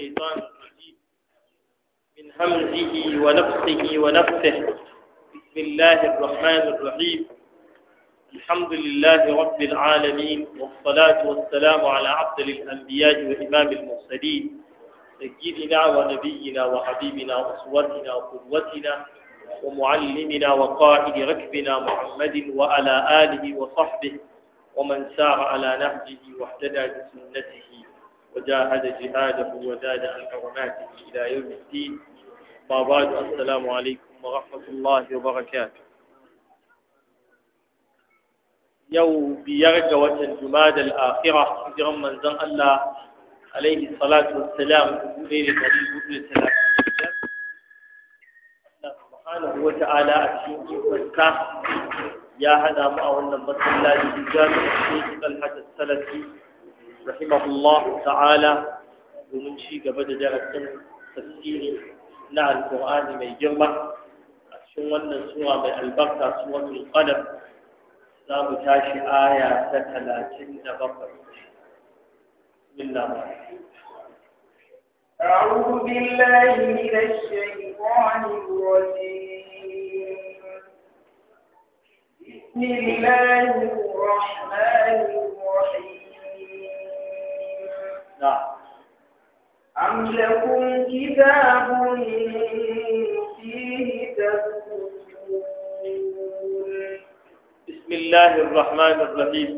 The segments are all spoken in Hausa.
الشيطان الرجيم من همزه ونفسه ونفسه بسم الله الرحمن الرحيم الحمد لله رب العالمين والصلاة والسلام على عبد الأنبياء وإمام المرسلين سيدنا ونبينا وحبيبنا وأسوتنا وقدوتنا ومعلمنا وقائد ركبنا محمد وعلى آله وصحبه ومن سار على نهجه واهتدى بسنته وجاهد جهاده وزاد عن كرماته الى يوم الدين بعد السلام عليكم ورحمه الله وبركاته يو بيرجى وتن جماد الآخرة جرم من زن الله عليه الصلاة والسلام وغير النبي بن سلام سبحانه وتعالى أشهد أن يا هذا ما أولنا بطل الله لجان الشيخ الحد الثلاثي رحمه الله تعالى ومن شيء قبل درس تفسير لا القرآن من يجمع سوى سورة من البركة سورة القلم سلام تاشي آية ثلاثين بقر بسم الله أعوذ بالله من الشيطان الرجيم بسم الله الرحمن الرحيم أم لكم كتاب بسم الله الرحمن الرحيم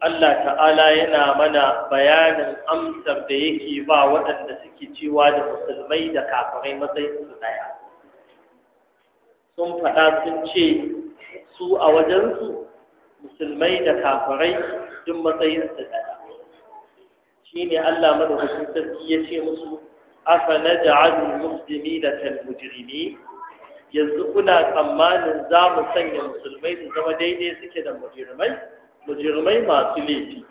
Allah ta'ala yana mana bayanin amsar da yake ba waɗanda suke cewa da musulmai da kafirai matsayin su Sun faɗa sun ce su a wajensu musulmai da kafirai duk shine Allah madaukakin sarki ya ce musu afa naj'alul muslimina kal mujrimin yanzu kuna tsammanin za mu sanya musulmai su zama daidai suke da mujirmai mujirmai masu laifi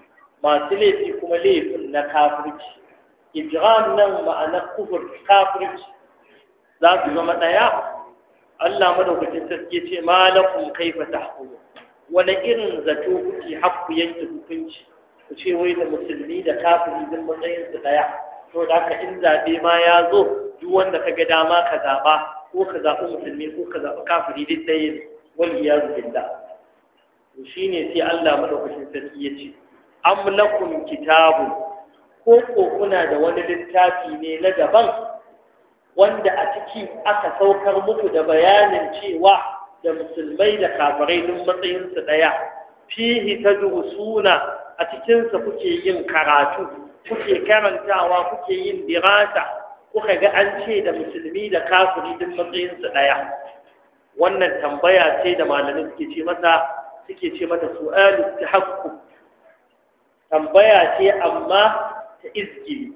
masu laifi kuma laifin na kafirci ijram nan ma'anar kufur kafirci za su zama ɗaya Allah madaukakin sarki ce malakum kaifa tahkumu wani irin zato kuke hakku yanke hukunci ku ce wai da musulmi da kafiri duk matsayin su daya to da haka in zabe ma ya zo duk wanda ka ga dama ka zaba ko ka zabi musulmi ko ka zabi kafiri duk daya ne wal iyad billah to shine sai Allah madaukakin sarki ya ce am lakum ko ko kuna da wani littafi ne na daban wanda a ciki aka saukar muku da bayanin cewa da musulmai da kafirai duk matsayinsu ɗaya fihi ta suna a cikinsa kuke yin karatu kuke karantawa kuke yin dirasa kuka ga an ce da musulmi da kafiri duk matsayinsu ɗaya wannan tambaya ce da malamin suke ce mata suke ce mata su'alu tahakku tambaya ce amma ta izgili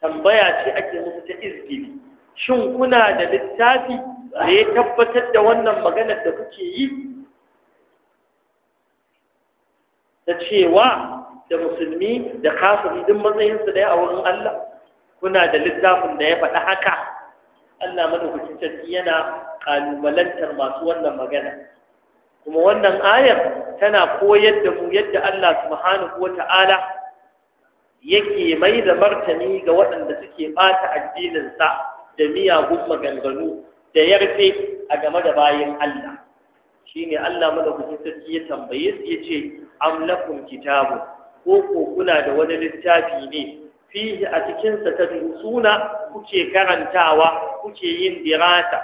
tambaya ce ake musu ta izgili shin kuna da littafi da ya tabbatar da wannan maganar da kuke yi Ta cewa da musulmi da kafiri duk matsayinsu da a wurin Allah kuna da littafin da ya faɗi haka Allah madaukakin sarki yana kalubalantar masu wannan magana kuma wannan ayar tana koyar da mu yadda Allah subhanahu wata'ala yake mai da martani ga waɗanda suke ɓata addininsa da miyagun maganganu da yarfe a game da bayan Allah shine Allah madaukakin sarki ya tambaye su ya ce am lakum kitabun ko ko kuna da wani littafi ne fihi a cikinsa ta suna kuke karantawa kuke yin dirasa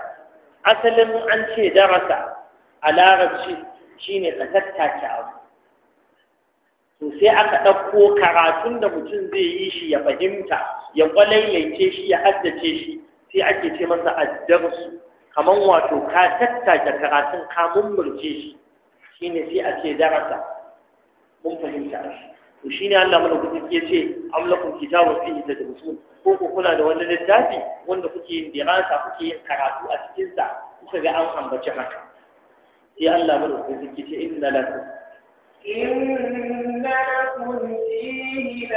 asalin an ce darasa a larabci shine ka tattace abu to sai aka ɗauko karatun da mutum zai yi shi ya fahimta ya kwalailaice shi ya haddace shi sai ake ce masa addarsu kamar wato ka tattace karatun ka mummurce shi shine sai a darasa mun fahimta to shine Allah malaikatu ya ce amlakum kitabun fihi tadrusun ko ku kula da wani littafi wanda kuke yin dirasa kuke yin karatu a cikin sa kuka ga an ambaci haka sai Allah malaikatu ya ce inna lakum inna lakum fihi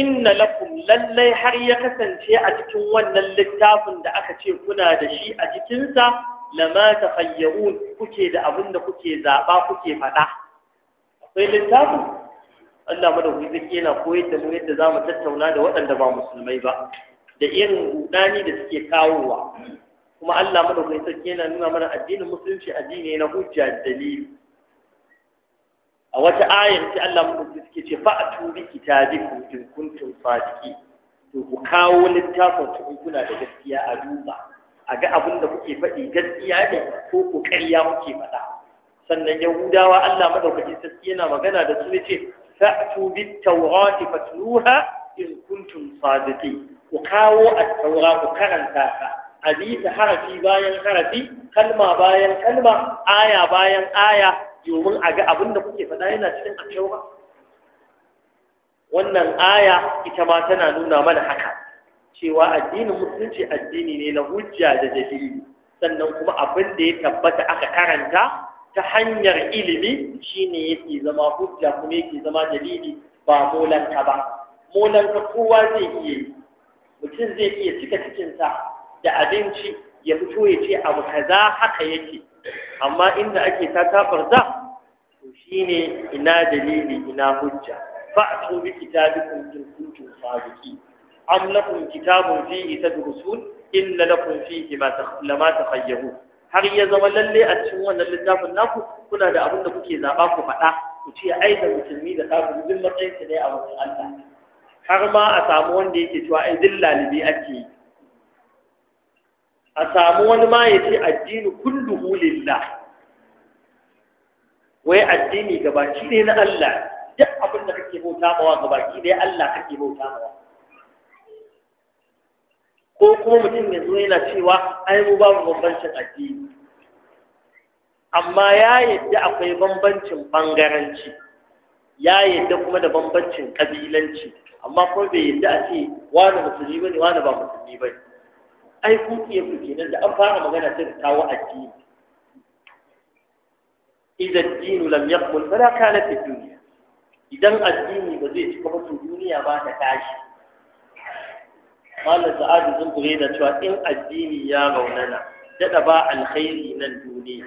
inna lakum lallai har ya kasance a cikin wannan littafin da aka ce kuna da shi a cikinsa lama takhayyarun kuke da abin da kuke zaɓa kuke faɗa akwai littafin Allah madawi zai yana koyar da mu yadda za mu tattauna da waɗanda ba musulmai ba da irin gudani da suke kawowa kuma Allah madaukakin sarki yana nuna mana addinin musulunci addini na hujja da dalili a wata ayar ce Allah madaukakin suke ce fa atu bi kitabikum in kuntum sadiqin to ku kawo littafin ku kuna da gaskiya a duba a ga abin da kuke faɗi gaskiya ne ko ko ƙarya kuke faɗa sannan yahudawa Allah madaukakin sarki yana magana da su yace fa'tu bit tawrati fatluha in kuntum sadiqin ku kawo at-taura ku karanta ta hadisi harafi bayan harafi kalma bayan kalma aya bayan aya domin a ga abin da kuke faɗa yana cikin at-taura wannan aya ita ma tana nuna mana haka cewa addinin musulunci addini ne na hujja da dalili sannan kuma abin da ya tabbata aka karanta ta hanyar ilimi shine yake zama hujja kuma yake zama dalili ba molanta ba molanta kowa zai iya yi mutum zai iya cika cikinsa da abinci ya fito ya ce abu kaza haka yake amma inda ake ta za, to shine ina dalili ina hujja fa'tu bi kitabikum in kuntum sadiqin am lakum kitabun fihi tadrusun inna lakum fihi ma lama takhayyabu har ya zama lalle a cikin wannan littafin naku kuna da abin da kuke zaɓa ku faɗa ku ce ai da musulmi da kafin duk matsayin ne a wajen Allah har ma a samu wanda yake cewa ai duk lalibi ake yi a samu wani ma ya ce addini kulluhu lillah wai addini gabaki ne na Allah duk abin da kake bauta mawa gabaki ne Allah kake bauta mawa ko kuma mutum ya zo yana cewa ai mu babu bambancin addini amma ya yadda akwai bambancin bangaranci ya yadda kuma da bambancin kabilanci amma ko bai yadda a ce wani musulmi ne wani ba musulmi ne ai ku iya ku nan da an fara magana sai ka kawo addini idan addini lam yaqbul fala kana fi dunya idan addini ba zai cika ba to duniya ba ta tashi malam sa'adu zungure na cewa in addini ya raunana daɗa ba alkhairi nan duniya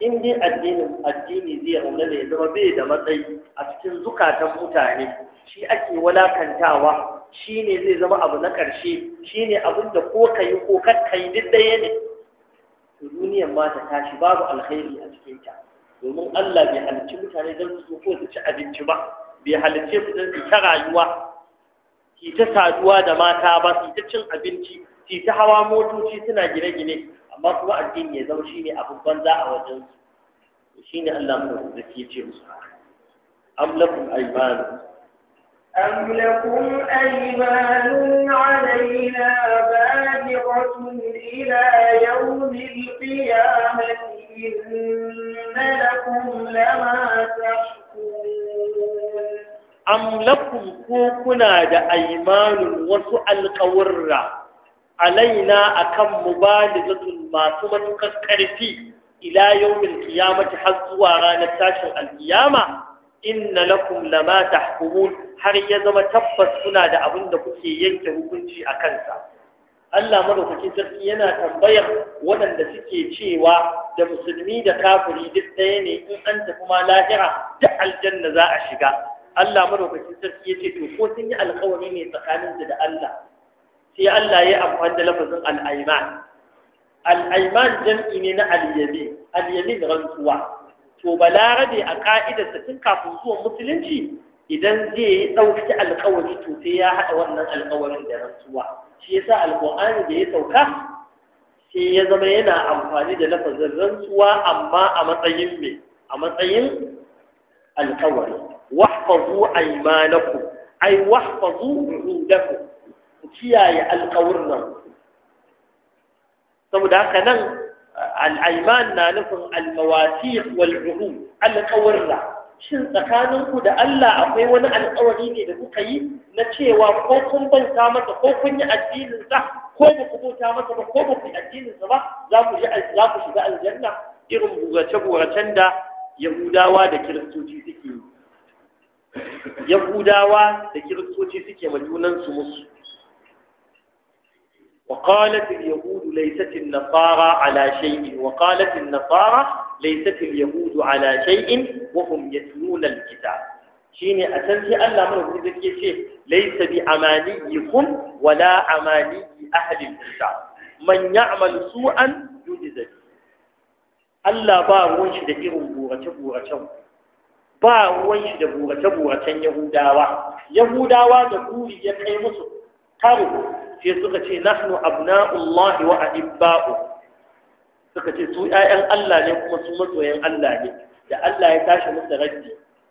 in dai addinin addini zai raunana ya zama bai da matsayi a cikin zukatan mutane shi ake walakantawa shi ne zai zama abu na ƙarshe shi ne abin da ko ka yi ko kakka yi duk ɗaya ne to duniyar ma ta tashi babu alkhairi a ta, domin Allah bai halicci mutane don su ko su ci abinci ba bai halicce su don su ta rayuwa ki ta saduwa da mata ba su ta cin abinci ki ta hawa motoci suna gine-gine amma kuma addini ya zama ne abin banza a wajen su ne Allah mu da ke ce musu am lakum aymanu am lakum aymanun alaina baqiratun ila yawmi alqiyamati inna lakum lama tashkurun am lakum ko kuna da aimanun wasu alƙawarra alaina akan mubalighatun masu matuƙar ƙarfi ila yawmil qiyamati har zuwa ranar tashin alkiyama inna lakum lama tahkumun har ya zama tabbas kuna da abin da kuke yanke hukunci a kansa Allah madaukakin sarki yana tambayar waɗanda suke cewa da musulmi da kafiri duk ɗaya ne in an tafi ma lahira duk aljanna za a shiga Allah madaukakin sarki yace to ko sun yi alƙawari ne tsakanin su da Allah sai Allah ya amfani da lafazin al-ayman al-ayman jam'i ne na al Alyamin al-yamin rantsuwa to balarabe a sa tun kafin zuwan musulunci idan zai ɗauki alƙawari to sai ya haɗa wannan alƙawarin da rantsuwa shi yasa alƙur'ani da ya sauka sai ya zama yana amfani da lafazin rantsuwa amma a matsayin me a matsayin alƙawari wahfazu aymanakum ay wahfazu uhudakum ku kiyaye alƙawurran saboda haka nan al'aiman na nufin al-mawathiq wal shin tsakaninku da Allah akwai wani alƙawari ne da kuka yi na cewa ko kun bauta masa ko kun yi addininsa ko ba ku bauta masa ba ko ba ku yi addininsa ba za ku shiga aljanna irin burace-buracen da Yahudawa da Kiristoci suke yi yahudawa da kiristoci suke ma junansu musu وقالت اليهود ليست النصارى على شيء وقالت النصارى ليست اليهود على شيء وهم يتلون الكتاب شيني أسنسي ألا من هو ذكي ليس بأمانيكم ولا أماني أهل الكتاب من يعمل سوءا يجزى ألا بار ونشد إرم بورة بورة ba ruwan da burace-buracen yahudawa yahudawa da buri ya kai musu karo sai suka ce nahnu abna'ullahi wa ba'u. suka ce su ƴaƴan Allah ne kuma su masoyan Allah ne da Allah ya tashi musu raddi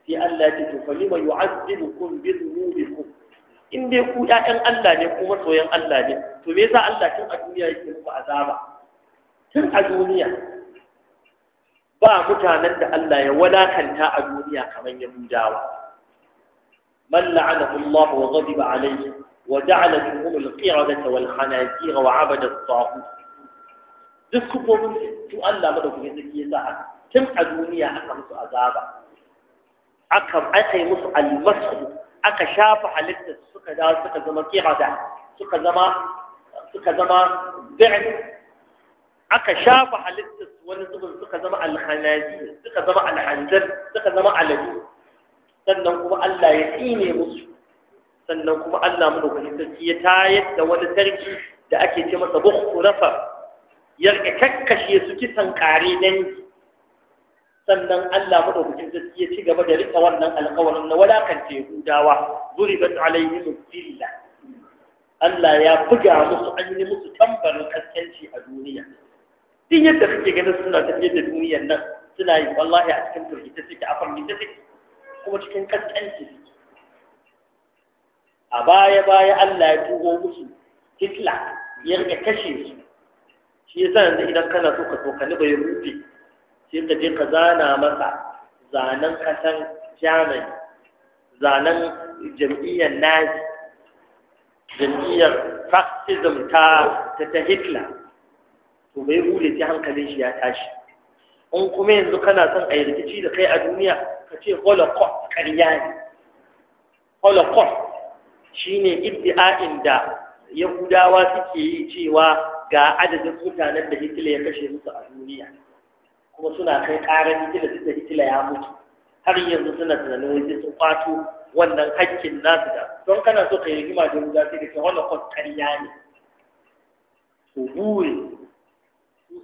sai Allah ya ce to falima yu'azzibukum bi dhunubikum in dai ku ƴaƴan Allah ne kuma masoyan Allah ne to me yasa Allah tun a duniya yake muku azaba tun a duniya ba mutanen da Allah ya wadakanta a duniya kamar yahudawa man la'anahu Allah wa ghadiba alayhi wa ja'ala minhum al-qiradata wal khanazira wa 'abada at-taghut duk ko kuma to Allah ba da madaukakin zaki ya sa tun a duniya aka musu azaba aka aka yi musu al almasu aka shafa halitta suka da suka zama qirada suka zama suka zama bi'd aka shafa halittar wani zubin suka zama alhanaji suka zama alhanjar suka zama aladu sannan kuma Allah ya tsine musu sannan kuma Allah mu da sarki ya tayar da wani sarki da ake ce masa bukhu rafa ya kakkashe su kisan kare dangi sannan Allah madaukakin sarki ya ci gaba da rika wannan alƙawarin na walakance Yahudawa duribat alaihim zilla Allah ya buga musu an yi musu tambarin kaskanci a duniya duk yadda kake ganin suna tafiyar da duniyar nan suna yi wallahi a cikin ta suke a ta suke kuma cikin kaskanci suke a baya baya Allah ya tuho musu Hitler ya rika kashe su shi yasa yanzu idan kana so ka tsokani ya rufe sai ka je ka zana masa zanen kasan Germany zanen jam'iyyar Nazi jam'iyyar fascism ta ta Hitler to bai bude ta hankalin shi ya tashi in kuma yanzu kana son a yi rikici da kai a duniya ka ce holocaust ƙarya ne holocaust ne iddi'a'in da yahudawa suke yi cewa ga adadin mutanen da hitila ya kashe musu a duniya kuma suna kai ƙarar hitila da hitila ya mutu har yanzu suna tunanin wajen sun kwato wannan hakkin nasu da don kana so ka yi rigima da yahudawa sai da ke holocaust ƙarya ne ku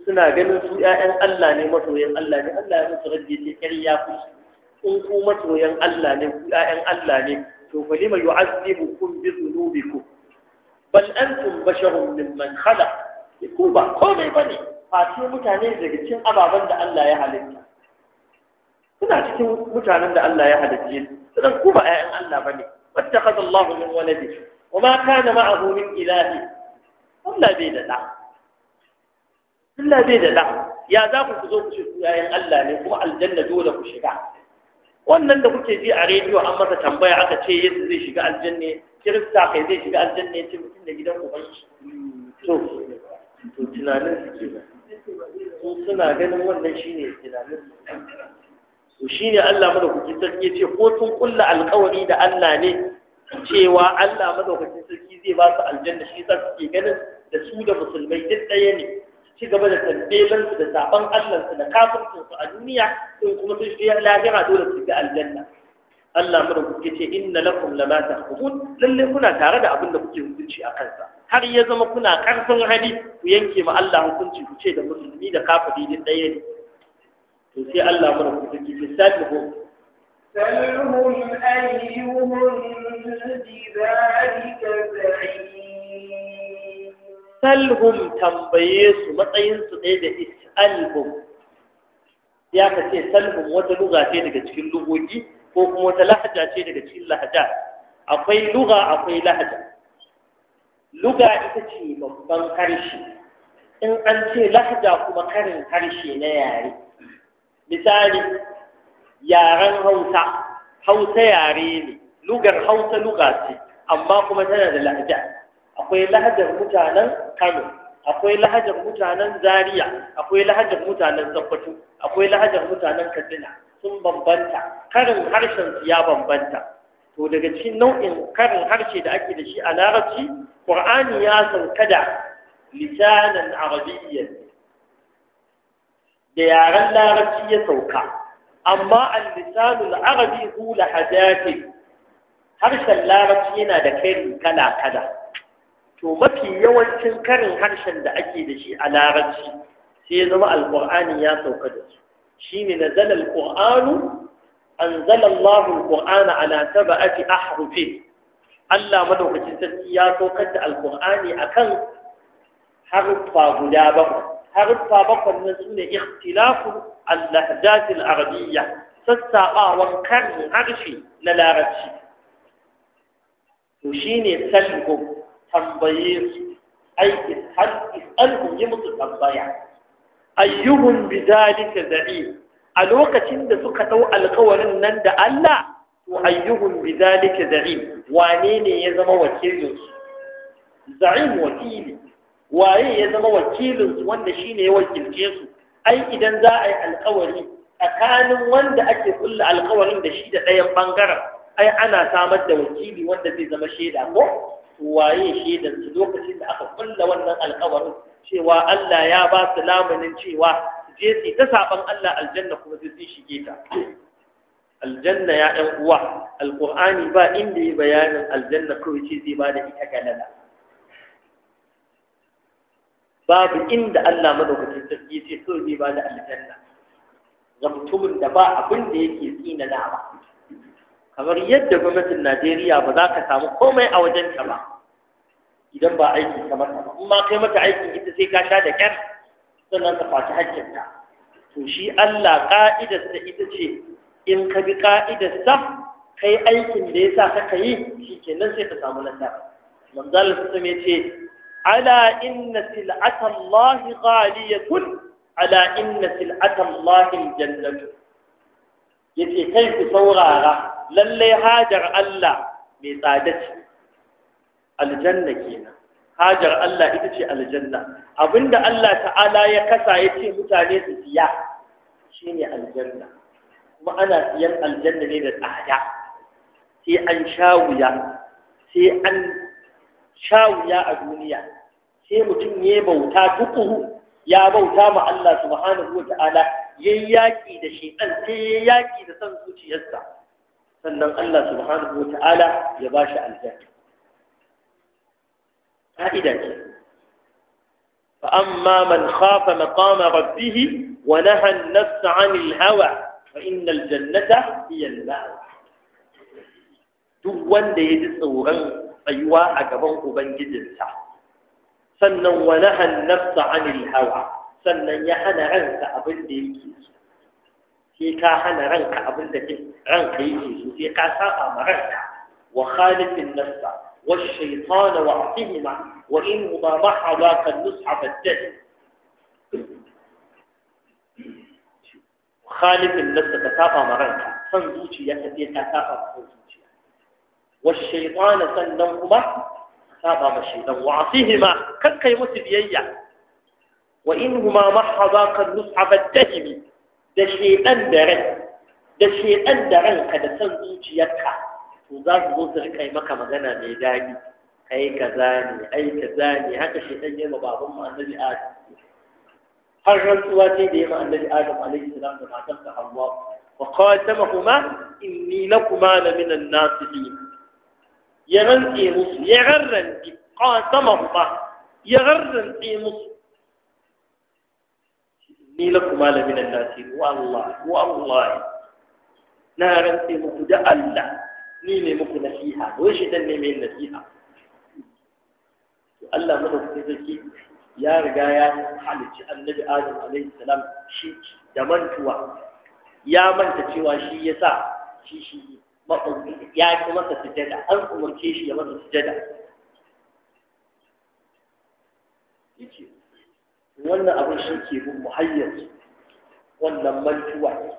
suna ganin su yayan Allah ne masoyan Allah ne Allah ya musu rage ce ƙarya ku in ku masoyan Allah ne ku ƴaƴan Allah ne to fa lima yu'azzibukum bi dhunubikum bal antum basharun mimman khalaq ku ba komai bane face mutane daga cikin ababen da Allah ya halitta suna cikin mutanen da Allah ya halitta sanan ku ba yayan Allah bane wattaqadallahu min Kuma وما كان معه من إله إلا بيد الله Allah bai da da ya za ku zo ku ce ku yayin Allah ne kuma aljanna dole ku shiga wannan da kuke ji a rediyo an masa tambaya aka ce yadda zai shiga aljanna kirista kai zai shiga aljanna ya ce mutum da gidan uban shi to to tunanin su ke su suna ganin wannan shine tunanin su to shine Allah madaukakin sarki ya ce ko sun kulla alkawari da Allah ne cewa Allah madaukakin sarki zai ba su aljanna shi sa suke ganin da su da musulmai duk ɗaya ne ci gaba da tabbelansu da zaben Allahnsu da kafircinsu a duniya in kuma sun shi lahira dole su ga aljanna Allah mu da kuke ce inna lakum lama tahkumun lalle kuna tare da abin da kuke hukunci a kansa har ya zama kuna karfin hali ku yanke ma Allah hukunci ku ce da musulmi da kafiri din ɗaya ne to sai Allah mu da kuke ce misalihum سلهم أيهم بذلك زعيم salhum tambaye su matsayinsu ɗaya da is'alhum ya ka ce salhum wata luga ce daga cikin lugogi ko kuma wata lahaja ce daga cikin lahaja akwai luga akwai lahaja luga ita ce babban harshe in an ce lahaja kuma karin harshe na yare misali yaren hausa hausa yare ne lugar hausa luga ce amma kuma tana da lahaja akwai lahajar mutanen Kano akwai lahajar mutanen Zaria akwai lahajar mutanen Sokoto akwai lahajar mutanen Katsina sun bambanta karin harshen su ya bambanta to daga cikin nau'in karin harshe da ake da shi a larabci Qur'ani ya sauka da lisanan arabiyyan da yaren larabci ya sauka amma al-lisanul arabi hu lahajati harshen larabci yana da kai kala kala to mafi yawancin karin harshen da ake da shi a larabci sai ya zama alƙur'ani ya sauka da su shine nazala alqur'anu anzala Allahu alqur'ana ala sab'ati ahrufin Allah madaukakin sarki ya saukar da a akan haruffa guda bakwai Haruffa bakwai nan sune ikhtilafu al arabiyya sassaɓawar karin harshe na larabci to shine salhu tambaye su ai is'alhum yi musu tambaya ayyuhum bidalika da'i a lokacin da suka ɗau alƙawarin nan da Allah to ayyuhum bidalika da'i wane ne ya zama wakilin su za'im wakili waye ya zama wakilin su wanda ne ya wakilce su ai idan za a yi alkawari tsakanin wanda ake kulla alƙawarin da shi da ɗayan bangaren ai ana samar da wakili wanda zai zama shaida ko waye shaidan su lokacin da aka kulla wannan alƙawarin cewa Allah ya ba su lamunin cewa je su ta saban Allah aljanna kuma sai su shige ta aljanna ya ɗan uwa alƙur'ani ba inda yi bayanin aljanna kawai ce zai ba da ita galala babu inda Allah madaukakin sarki ce kawai zai ba da aljanna ga mutumin da ba abin da yake tsina na ba kamar yadda gwamnatin Najeriya ba za ka samu komai a wajenka ba idan ba aiki ka mata ba kai mata aikin ita sai ka sha da kyar sannan ka faci hakkinta to shi Allah ka'idarsa ita ce in ka bi ka'idarsa kai aikin da ya sa kaka yi shi kenan sai ka samu nasara manzal sun ya ce ala inna sil'ata Allah ghaliyatun ala inna sil'ata Allah jannatu yace kai ku saurara lallai hajar Allah mai tsada ce aljanna kenan hajar Allah ita ce aljanna abinda Allah ta'ala ya kasa ya ce mutane su siya shine aljanna kuma ana siyan aljanna ne da tsada sai an sha wuya sai an sha wuya a duniya sai mutum ya bauta tukuru ya bauta ma Allah subhanahu wa ta'ala yayyaki da shaytan sai yayyaki da son zuciyarsa sannan Allah subhanahu wa ta'ala ya ba shi aljanna ka'ida ce fa amma man khafa maqama rabbih wa naha an 'anil hawa fa innal jannata hiya duk wanda ya ji tsoron tsayuwa a gaban ubangijinsa sannan wa naha an 'anil hawa sannan ya hana ransa abin da yake so sai ka hana ranka abin da ranka yi ke ka saba ma ranka wa khalifin nasa wa shaitan wa atihima wa in ma hawa kan nusa fajjali khalifin nasa ka saba ma ranka san zuciya ka ka saba ma san zuciya wa sannan kuma saba ma shaitan wa atihima kakkai musu biyayya wa in huma ma hawa kan nusa fajjali da shedan da rai da shedan da ranka da san zuciyarka to za su zo su rika yi maka magana mai daɗi ai kaza ne ai kaza ne haka shedan ya ma baban mu annabi Adam har rantsuwa ce da ya ma annabi Adam alaihi salam da matarsa Hawwa wa qatamahuma inni lakuma la min an-nasihin ya rantse musu ya garrante qatamahuma ya garrante musu ni kuma la min annasi wallahi wallahi na rantse muku da Allah ni ne muku nasiha wai shi dan ne mai nasiha Allah madaukakin sarki ya riga ya halicci annabi Adam alaihi salam shi da mantuwa ya manta cewa shi ya sa shi shi ya ki masa sujada an umarce shi ya masa sujada yace wannan abin shi ke bin muhayyar wannan mantuwa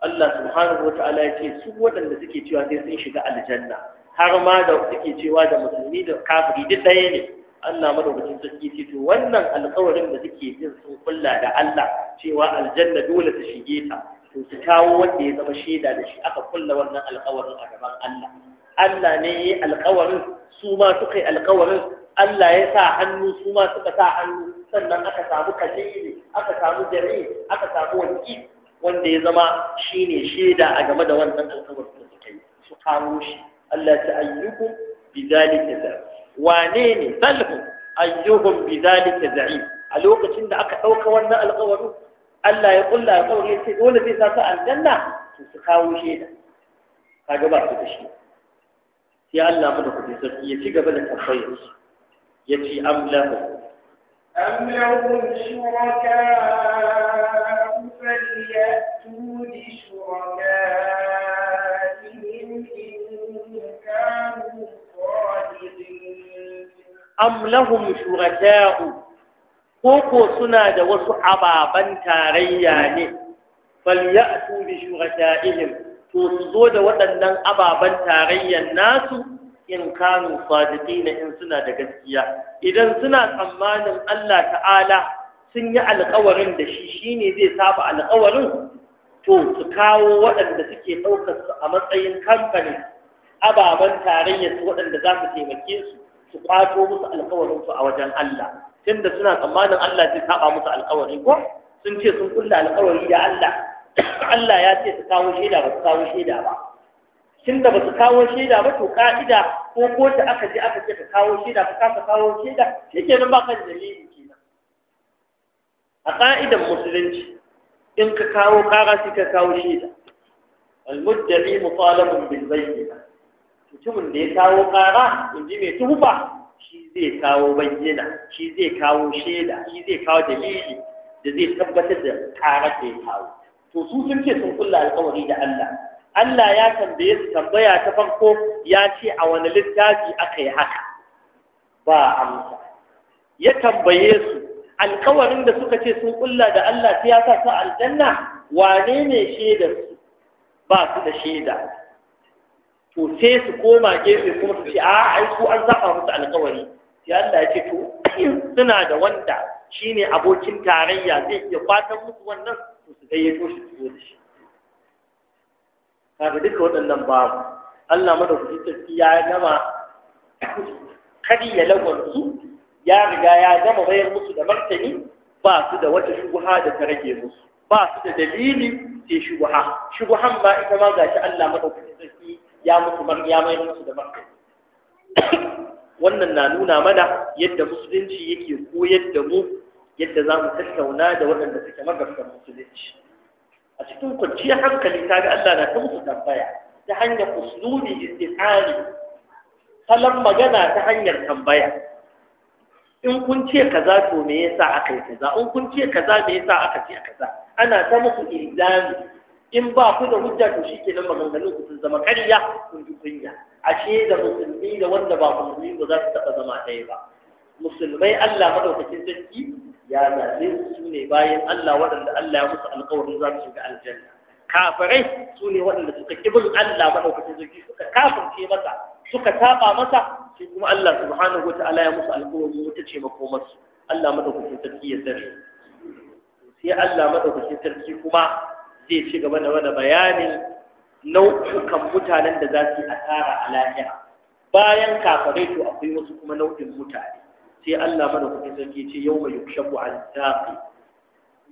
Allah subhanahu wa ta'ala ya ce su waɗanda suke cewa sai sun shiga aljanna har ma da suke cewa da musulmi da kafiri duk ɗaya ne Allah madaukakin sarki ce to wannan alƙawarin da suke jin sun kulla da Allah cewa aljanna dole su shige ta to su kawo wanda ya zama shaida da shi aka kulla wannan alƙawarin a gaban Allah Allah ne ya yi alƙawarin su ma suka yi alƙawarin Allah ya sa hannu su ma suka sa hannu sannan aka samu kalili aka samu jari aka samu wani wanda ya zama shine shaida a game da wannan alƙawarin da suka yi su kawo shi Allah ta ayyukum bi zalika za'i wane ne salhu ayyuhum bi zalika a lokacin da aka ɗauka wannan alƙawarin Allah ya kulla alƙawarin ya ce dole zai sa su aljanna to su kawo shaida kaga ba su da shi sai Allah mu da kuɗi sarki ya ci gaba da tambayar يتي أم لهم أم لهم شركاء فليأتوا بشركائهم إن كانوا صادقين أم لهم شركاء koko suna da wasu ababen tarayya ne falyatu bi shughataihim to su zo da waɗannan ababen tarayyan nasu in kanu sadiqina in suna da gaskiya idan suna tsammanin Allah ta'ala sun yi alƙawarin da shi shine zai saba alƙawarin to su kawo waɗanda suke ɗaukar su a matsayin kamfani ababen tarayyar su waɗanda za su taimake su su ƙwato musu alƙawarin su a wajen Allah tunda suna tsammanin Allah zai saba musu alƙawari ko sun ce sun kulla alƙawari da Allah Allah ya ce su kawo shaida ba su kawo shaida ba tunda da ba su kawo shaida ba to ka'ida ko kotu aka ji aka ce ka kawo shaida ka kasa kawo shaida shi nan ba ka da dalili kenan a ka'idan musulunci in ka kawo kara sai ka kawo shaida almujjali mutalabun bil bayyina mutumin da ya kawo kara in ji mai tuhfa shi zai kawo bayyana shi zai kawo shaida shi zai kawo dalili da zai tabbatar da karar da kawo to su sun ce sun kulla alƙawari da Allah Allah ya tambaye su tambaya ta farko ya ce a wani littafi aka yi haka ba amsa ya tambaye su alkawarin da suka ce sun kulla da Allah sai ya sa su aljanna wane ne shaidar su ba su da shaida to sai su koma gefe kuma su ce a ai su an zaba musu alkawari sai Allah ya ce to suna da wanda shine abokin tarayya zai iya fatan musu wannan su gayyato shi su zo da shi kaga duka waɗannan babu Allah madaukaki sarki ya gama kadi ya lagwansu ya riga ya gama bayar musu da martani ba su da wata shubuha da ta rage musu ba su da dalili ce shubuha shubuhan ba ita ma gashi Allah madaukakin sarki ya musu ya mai musu da martani wannan na nuna mana yadda musulunci yake koyar da mu yadda za mu tattauna da waɗanda suke magabtan musulunci a cikin kwanciyar hankali ta ga Allah na ta musu tambaya ta hanyar usulubi istiqali salon magana ta hanyar tambaya in kun ce kaza to me yasa aka yi kaza in kun ce kaza me yasa aka ce kaza ana ta muku ilzami in ba ku da hujja to shikenan maganganun ku sun zama ƙarya kun ji kunya ashe da musulmi da wanda ba musulmi ba za su taɓa zama ɗaya ba musulmai Allah madaukakin sarki ya zaɓe su ne bayan Allah waɗanda Allah ya musu alƙawarin za su shiga aljanna kafirai su ne waɗanda suka kibin Allah maɗaukacin sarki suka kafirce masa suka saba masa sai kuma Allah subhanahu wa ta'ala ya musu alƙawari wata ce makomarsu Allah maɗaukacin sarki ya sani sai Allah maɗaukacin sarki kuma zai ci gaba da wani bayanin nau'ukan mutanen da za su yi asara a lahira bayan kafirai to akwai wasu kuma nau'in mutane sai Allah madaukakin sarki ce yau mai yukshafu an saqi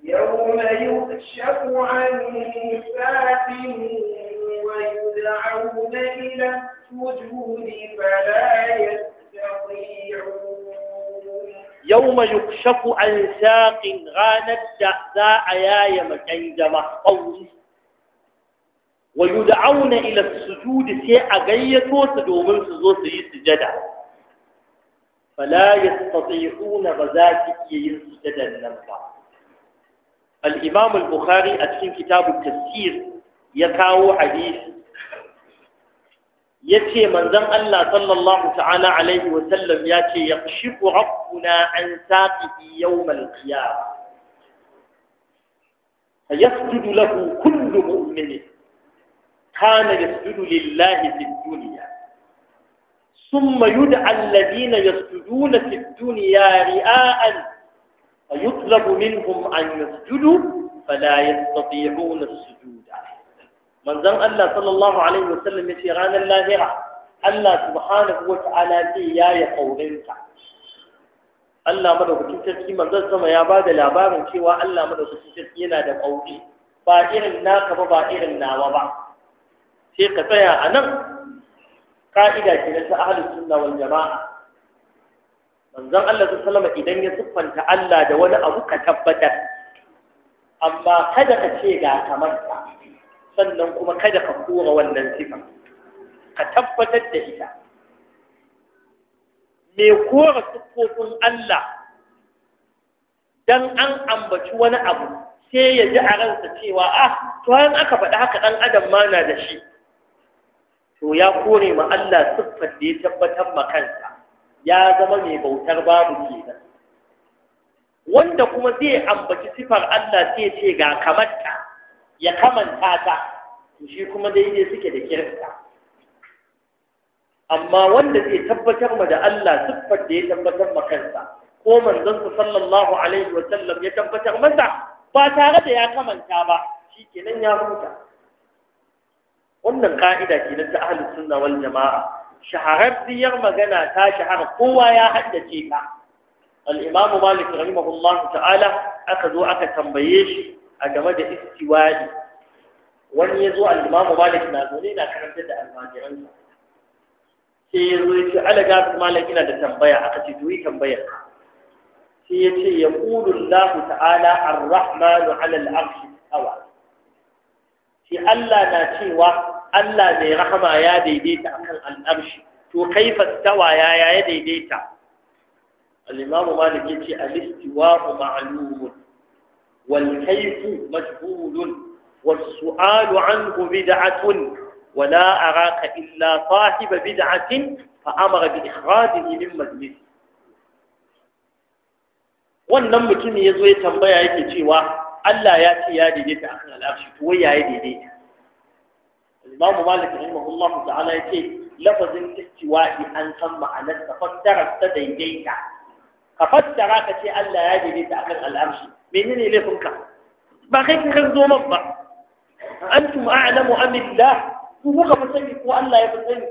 يوم يكشف عن ساق ويدعون إلى السجود فلا يستطيعون يوم يكشف عن ساق غانت جعزاء يا مكنجمة قوي ويدعون إلى السجود اغيتو غيثوس دومن سزوس يسجد فلا يستطيعون بذات ينسجد النمبر الإمام البخاري أتفين كتاب التفسير يكاو حديث يتي من ذن الله صلى الله تعالى عليه وسلم يتي يقشف ربنا عن ساقه يوم القيامة فيسجد له كل مؤمن كان يسجد لله في الدنيا ثم يدعى الذين يسجدون في الدنيا رئاء فيطلب منهم أن يسجدوا فلا يستطيعون السجود من ذن الله صلى الله عليه وسلم في غانا اللاهرة الله سبحانه وتعالى في يا يقولنك Allah madaukakin sarki manzon sama ya ba da labarin cewa Allah madaukakin sarki yana da kauri ba irin naka ba ba irin nawa ba sai ka tsaya a nan ka'ida ke ta ahlus sunna wal jama'a manzon Allah sallallahu alaihi idan ya siffanta Allah da wani abu ka tabbatar amma kada ka ce ga kamar sannan kuma kada ka kora wannan sifa ka tabbatar da ita me kora siffofin Allah dan an ambaci wani abu sai ya ji a ransa cewa ah to an aka faɗi haka dan adam ma na da shi to ya kore ma Allah siffar da ya tabbatar ma kansa ya zama mai bautar babu kenan wanda kuma zai ambaci sifar Allah sai ce ga kamanta ya kamanta ta to shi kuma daidai suke da kirista amma wanda zai tabbatar ma da Allah siffar da ya tabbatar ma kansa ko manzon sallallahu alaihi wa sallam ya tabbatar masa ba tare da ya kamanta ba shikenan ya huta wannan ka'ida kenan ta ahlus sunna wal jama'a shahararriyar magana ta shahara kowa ya haddace ta al-imam malik rahimahullahu ta'ala aka zo aka tambaye shi a game da istiwa'i wani ya zo al-imam malik na zo na karanta da almajiransa sai ya zo ya ce ala gafi malik ina da tambaya aka ce duyi tambayar sai ya ce ya qulu allah ta'ala ar-rahmanu 'ala al-'arshi tawa sai Allah na cewa Allah mai rahama ya daidaita akan al'arshi to kai tawa ya ya daidaita al-imamu malik yace al-istiwa'u ma'lumun wal kayfu majhulun والسؤال عنه بدعة ولا أراك إلا bi بدعة فأمر بإخراجه من مجلسه wannan mutum ya zo ya tambaya yake cewa Allah ya ce ya daidaita a kan al'arshi to wai ya yi daidaita Imam Malik rahimahullah ta'ala ya ce lafazin istiwa'i an san ma'anar ta fassara ta daidaita ka fassara ka ce Allah ya daidaita a kan al'arshi menene laifinka ba kai kan zo man ba antum a'lamu am billah ku kuka fi sani ko Allah ya fi sani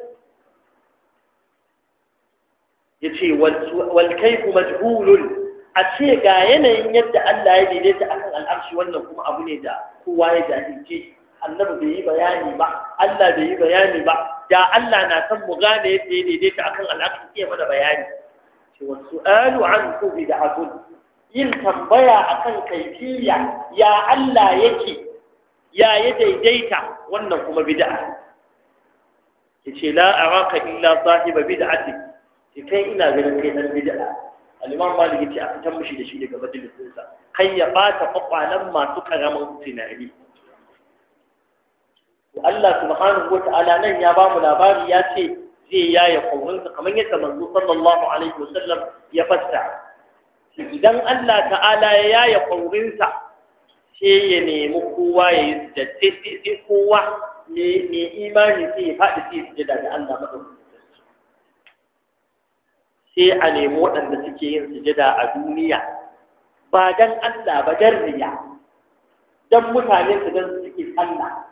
yace wal kayfu majhulun a ce ga yanayin yadda Allah ya daidaita akan al'arshi wannan kuma abu ne da kowa ya jahilce annabi bai yi bayani ba Allah bai yi bayani ba da Allah na san mu gane yadda ya daidaita akan al'arshi sai mana bayani ce wa su'alu an kubi da azul yin tambaya akan kaifiya ya Allah yake ya ya daidaita wannan kuma bid'a ce la araka illa sahiba bid'ati kai ina ganin kai dan bid'a al-imam malik yace a fitar mishi da shi daga majalisin sa kai ya bata kwakwalan masu karamin tunani to Allah subhanahu wata'ala nan ya ba mu labari ya ce zai yaya kaurinsa kamar yadda manzo sallallahu alaihi wasallam ya fassara idan Allah ta'ala ya yaya kaurinsa sai ya nemi kowa ya yi sujjada sai kowa mai imani sai ya faɗi sai sujjada ga Allah madaukakin sai a nemi waɗanda suke yin sujada a duniya ba dan Allah ba dan riya dan mutane su dan suke Allah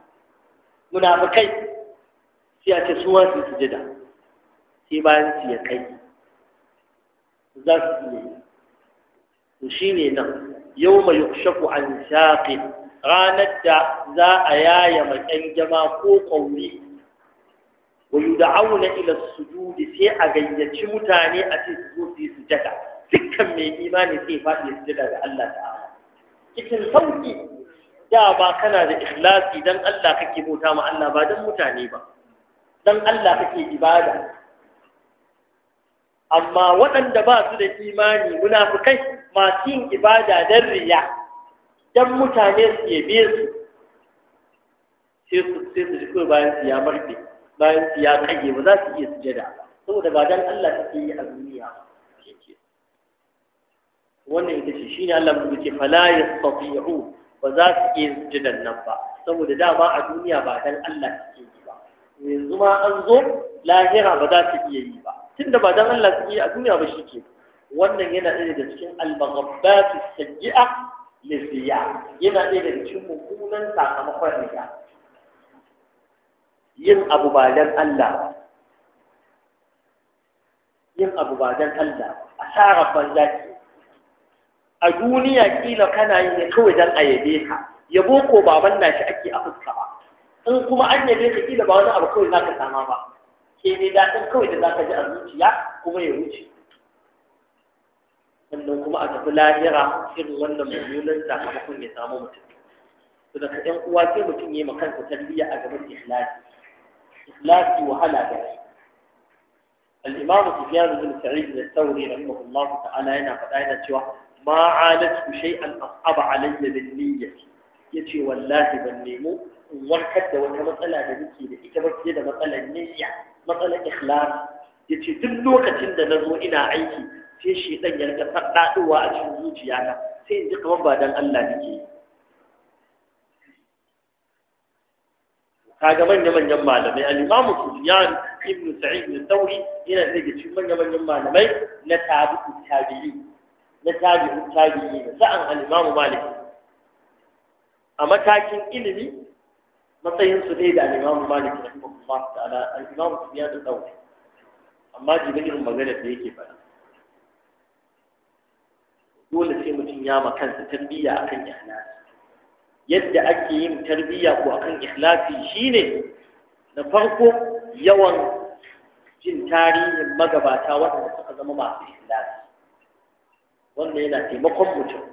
munafikai sai a ce su wa su sujada sai bayan su ya kai za su yi to shine nan yawma yukshafu an saqin ranar da za a yaya maƙyan jama ko ƙauri wa yud'auna ila sujudi sai a gayyaci mutane a ce su zo su yi dukkan mai imani sai faɗi sujada ga Allah ta'ala cikin sauki da ba kana da ikhlasi dan Allah kake bauta ma Allah ba dan mutane ba dan Allah kake ibada amma waɗanda ba su da imani kai masu yin ibada don riya don mutane su yabe su sai su ji kawai bayan su ya marfe bayan ya kage ba za su iya sujada saboda ba dan Allah take yi a duniya yake wannan ita ce shine Allah mu ce fala yastati'u ba za su iya sujadan nan ba saboda dama a duniya ba dan Allah take yi ba yanzu ma an zo lahira ba za su iya yi ba tunda ba dan Allah take yi a duniya ba shike wannan yana ɗaya daga cikin al-maghabbatu sayyi'a lisiyya yana ɗaya daga cikin mummunan sakamakon riya yin abu ba dan Allah ba yin abu ba dan Allah a asarar banza ke a duniya kila kana yi ne kawai dan a yabe ka yabo ko baban nashi ake a fuska ba in kuma an yabe ka kila ba wani abu kawai zaka sama ba ke ne daɗin kawai da zaka ji a zuciya kuma ya wuce sannan kuma a tafi lahira irin wannan mummunan sakamakon ya samu mutum to daga ɗan uwa sai mutum ya yi ma kansa tarbiyya a gaban ikhlasi ikhlasi wahala da shi al-imam Sufyan ibn Sa'id al-Thawri rahimahullah ta'ala yana faɗa yana cewa ma alatu shay'an asaba alayya bin niyyati wallahi ban nemo in warkar da wata matsala da nake da ita ba da matsalar niyya matsalar ikhlas yace duk lokacin da na zo ina aiki sai shi dan ya rika fadadowa a cikin zuciya na sai in ji kamar ba dan Allah nake yi kaga manya manyan malamai al-Imam Sufyan ibn Sa'id al-Thawri yana daga cikin manya manyan malamai na tabi'u tabi'i na tabi'u tabi'i da sa'an al-Imam Malik a matakin ilimi matsayin su ne da al-Imam Malik rahimahullah ta'ala al-Imam Sufyan al-Thawri amma jibin magana da yake fara. dole sai mutum ya makansa tarbiyya akan ihlasi yadda ake yin tarbiyya ko akan ikhlasi shine na farko yawan jin tarihin magabata wanda suka zama masu ikhlasi wanda yana taimakon mutum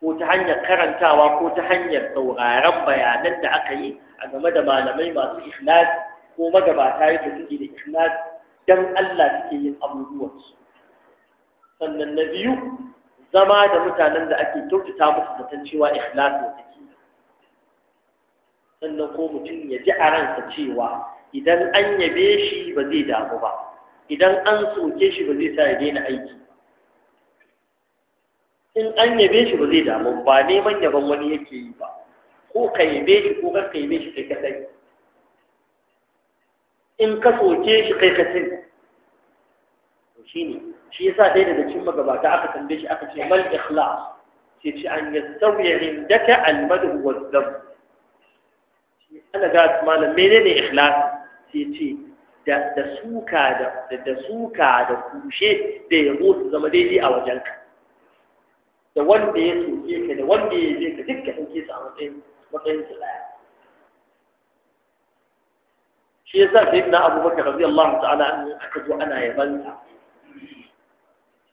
ko ta hanyar karantawa ko ta hanyar sauraron bayanan da aka yi a game da malamai masu ikhlasi ko magabata yadda suke da ikhlasi dan Allah suke yin abubuwansu sannan na biyu zama da mutanen da ake kyautata musu zaton cewa ikhlasi sannan ko mutum ya ji a ransa cewa idan an yabe shi ba zai damu ba idan an soke shi ba zai sa ya daina aiki in an yabe shi ba zai damu ba neman yaban wani yake yi ba ko ka yabe shi ko kar ka yabe shi kai kadai in ka soke shi kai ka to shine shi yasa dai daga cikin magabata aka tambaye shi aka ce mal ikhlas sai ce an yastawi indaka al madhu wa dhab ana ga malam menene ikhlasi sai ce da suka da da suka da kushe da yabo su zama daidai a wajenka da wanda ya soke ka da wanda ya je ka dukkan ɗauke su a matsayin matsayin su ɗaya shi yasa sai na abubakar radiyallahu ta'ala an aka zo ana yabanta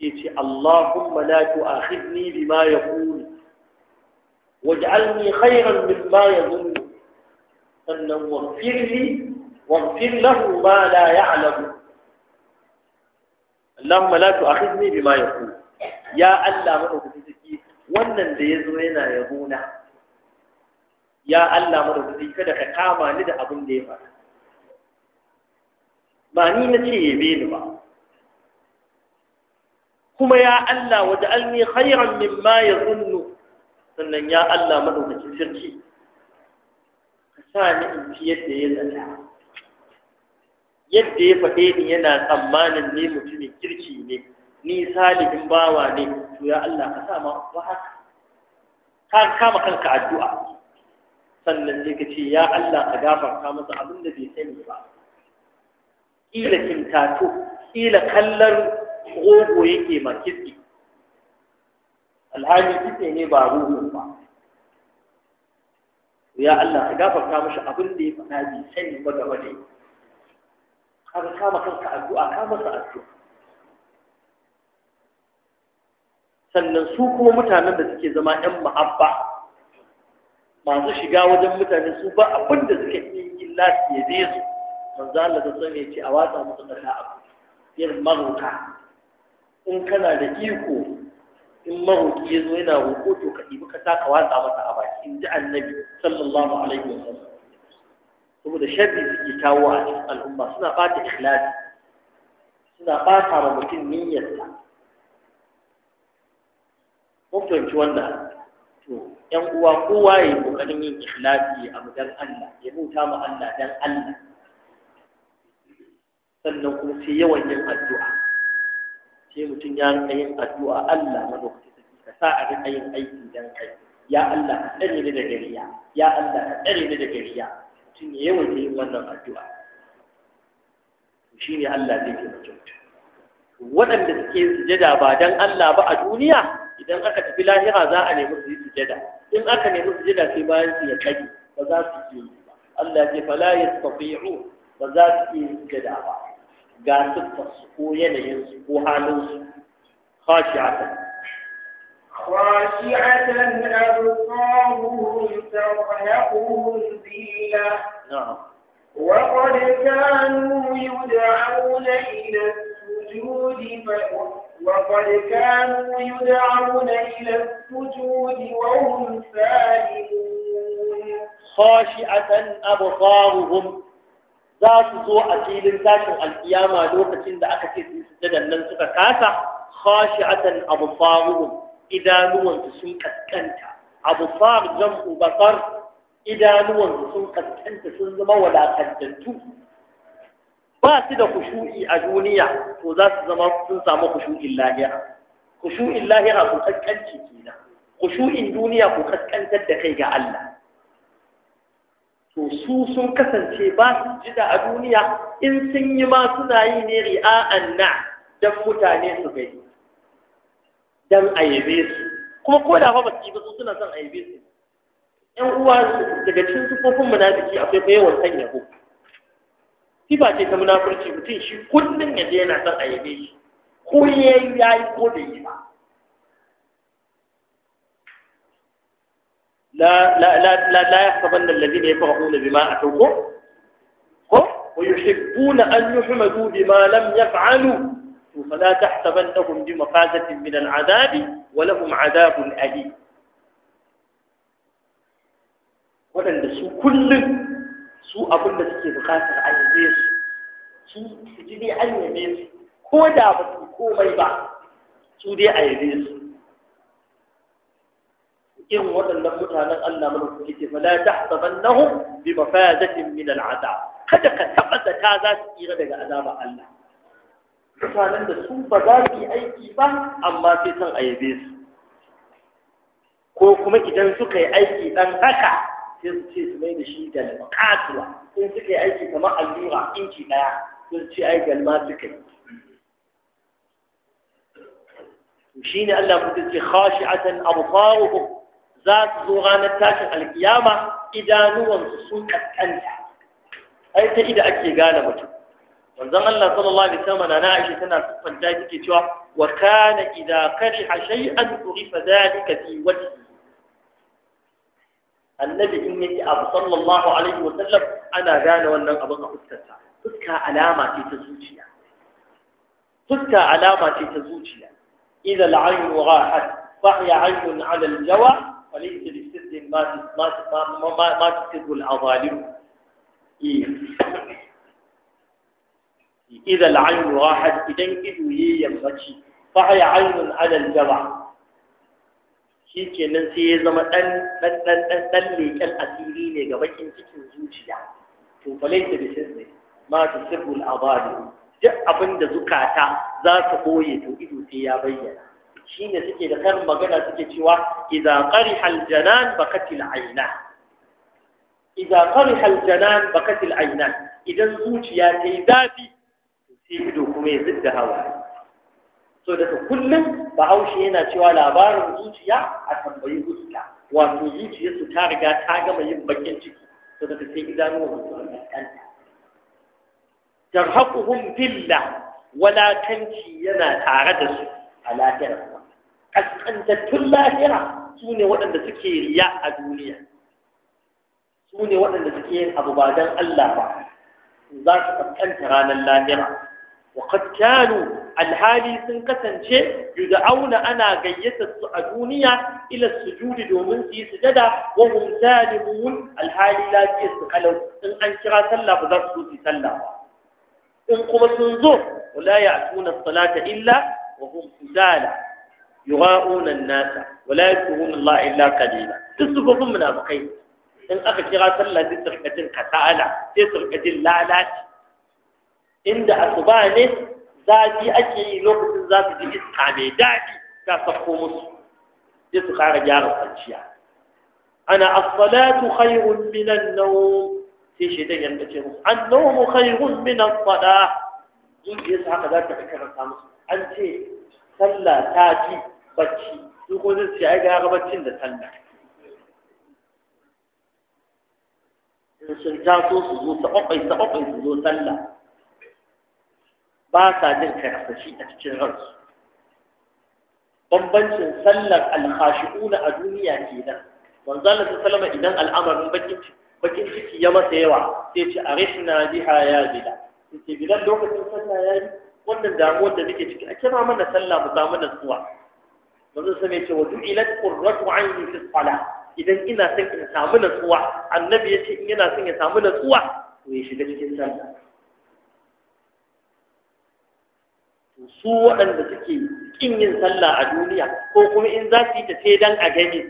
يتي اللهم لا تؤاخذني بما يقول واجعلني خيرا مما يظن sannan wafirli wafir lahu ma la ya'lamu Allahumma la tu'akhidni bima ma ya Allah madaukakin sarki wannan da ya zo yana ya gona. ya Allah madaukakin kada ka kama ni da abin da ya faru ba ni na ce yabe ni ba kuma ya Allah waj'alni khayran mimma yadhunnu sannan ya Allah madaukakin sarki sani in ci yadda ya zata yadda ya faɗe ni yana tsammanin ne mutumin kirki ne ni salihin bawa ne to ya Allah ka sa ma ba haka ka kama kanka addu'a sannan sai ka ce ya Allah ka gafarta masa abin da bai sani ba kila kintato kila kallar gogo yake ma kitse alhali kitse ne ba ruhu ba ya Allah ka gafarta mishi abin da ya faɗa bi sani ba gaba da kaga kama kanka addu'a ka masa addu'a sannan su kuma mutanen da suke zama 'yan ma'abba masu shiga wajen mutane su ba abin da suke yi illa su ya je su manzo Allah ta sani ya ce a watsa musu da abu yin maruka in kana da iko in maruki ya zo yana roƙo baki muka saka watsa masa a baki in ji annabi sallallahu alaihi wa sallam saboda sharri suke kawo a cikin al'umma suna bata ikhlasi suna bata ma mutum niyyarsa mun fahimci wannan to yan uwa kowa ya yi kokarin yin ikhlasi a dan Allah ya bauta ma Allah dan Allah sannan kuma sai yawan yin addu'a sai mutum ya rinka yin addu'a Allah madaukakin ka sa a rika yin aiki dan kai ya Allah ka tsare ni da gariya ya Allah ka tsare ni da gariya mutum ya yawan yin wannan addu'a shi ne Allah zai ke mutum waɗanda suke sujada ba dan Allah ba a duniya idan aka tafi lahira za a nemi su yi sujada in aka nemi sujada sai bayan su ya tsaki ba za su yi ba Allah ce fala yastati'u ba za su yi sujada ba ga siffar su ko yanayin su ko halin su khashi'atan خاشعة أبصارهم ترهقهم ذلة نعم وقد كانوا يدعون إلى السجود وقد كانوا يدعون إلى السجود وهم سالمون خاشعة أبصارهم za su zo a filin tashin alkiyama lokacin da aka ce su sujadan nan suka kasa khashi'atan idanuwansu sun kaskanta absar jam'u basar idanuwansu sun kaskanta sun zama wadatattu ba su da kushu'i a duniya to za su zama sun samu kushu'in lahira kushu'in lahira ku kaskanci kenan kushu'in duniya ku kaskantar da kai ga Allah to su sun kasance ba su jida a duniya in sun yi ma suna yi ne ri'a'an na don mutane su gani dan aibe su kuma ko da fa ba su yi ba su suna son aibe su ƴan uwa daga cikin sufofin munafiki akwai fa yawan san yabo sifa ce ta munafurci mutum shi kullum ya je yana son aibe shi ko ya yi ko da yi ba La لا لا لا لا, لا يحسبن الذين يفرحون بما أتوكم ويحبون أن bima lam ya fa'alu to fala tahsabannahum bi mafazatin min al'adabi wa lahum adabun ali waɗanda su kullum su abin suke bukatar a yabe su su su ji dai an yabe su ko da ba su komai ba su dai a yabe su irin waɗannan mutanen Allah mana ku yake fala tahsabannahum kada ka za su tsira daga azabar Allah mutanen da su ba za su yi aiki ba amma sai son a yabe su ko kuma idan suka yi aiki dan haka sai su ce su mai da shi galma katuwa in suka yi aiki kamar allura inci daya sun ce ai galma suka yi shi ne Allah ku ce khashi'atan absaruhum za su zo ranar tashin alkiyama idanuwansu sun kaskanta ai ta ida ake gane mutum manzon Allah sallallahu alaihi wasallam na Aisha tana siffanta take cewa wa kana idza kariha shay'an urifa dhalika fi wajhi annabi in yake abu sallallahu alaihi wasallam ana gane wannan abin a fuskarsa fuska alama ce ta zuciya fuska alama ce ta zuciya idza al-ayn fa hiya 'aynun 'ala al-jawa wa laysa li sirrin ma ma ma ma ma إذا العين راحت إذا إدو يمشي فهي عين على الجبع shi kenan sai ya zama ɗan ɗan ɗan ɗan ɗan leƙen asiri ne ga bakin cikin zuciya to falaita da sirri ma ta sirrul abadi duk abin da zukata za ta ɓoye to ido sai ya bayyana shi ne suke da kan magana suke cewa idan qariha aljanan bakatil aina idza qariha aljanan bakatil aina idan zuciya ta yi zafi ido kuma ya zidda hawa so daga kullum bahaushe yana cewa labarin zuciya a tambayi huska wato su ta riga ta gama yin bakin ciki so daga sai wa su a kaskanta tarhaquhum wala walakanci yana tare da su a lahira kaskantattun lahira su waɗanda suke riya a duniya su ne waɗanda suke yin abu ba don Allah ba za su kaskanta ranar lahira وقد كانوا الحالي سنكسن شيء يدعون أنا قيسة الدنيا إلى السجود دومن في سجدة وهم سالمون الحالي لا يستقلوا إن أنكرا سلا فذرسوا في سلا إن قم سنزور ولا يأتون الصلاة إلا وهم سجالة يغاؤون الناس ولا يذكرون الله إلا قليلا تسقطوا من أبقين إن أخي كرا سلا تسرقة كسالة تسرقة لالات inda asuba ne zafi ake yi lokacin za su ji iska mai daɗi ta sako musu sai su kara gyara kwanciya ana as-salatu khayrun min an-nawm sai shi da yanda ce musu an-nawm khayrun min as-salah in ji sa haka zaka ta karanta musu an ce sallah ta fi bacci su ko zai ce ai ga baccin da sallah sun taso su zo ta ƙwaƙwai ta ƙwaƙwai su zo sallah ba sa jin karsashi a cikin ransu bambancin sallar alkhashi'una a duniya kenan manzo Allah salama idan al'amarin bakin ciki ya masa yawa sai ce arishna biha ya bila ce bidan lokacin sallah yi. wannan damuwar da nake ciki a kira mana sallah mu samu nutsuwa manzo sai ya ce wa du'ilat qurratu 'aini fi salah idan ina son in samu nutsuwa annabi ya ce in yana son ya samu nutsuwa to ya shiga cikin sallah su waɗanda suke kin yin sallah a duniya ko kuma in za su yi ta sai dan a gani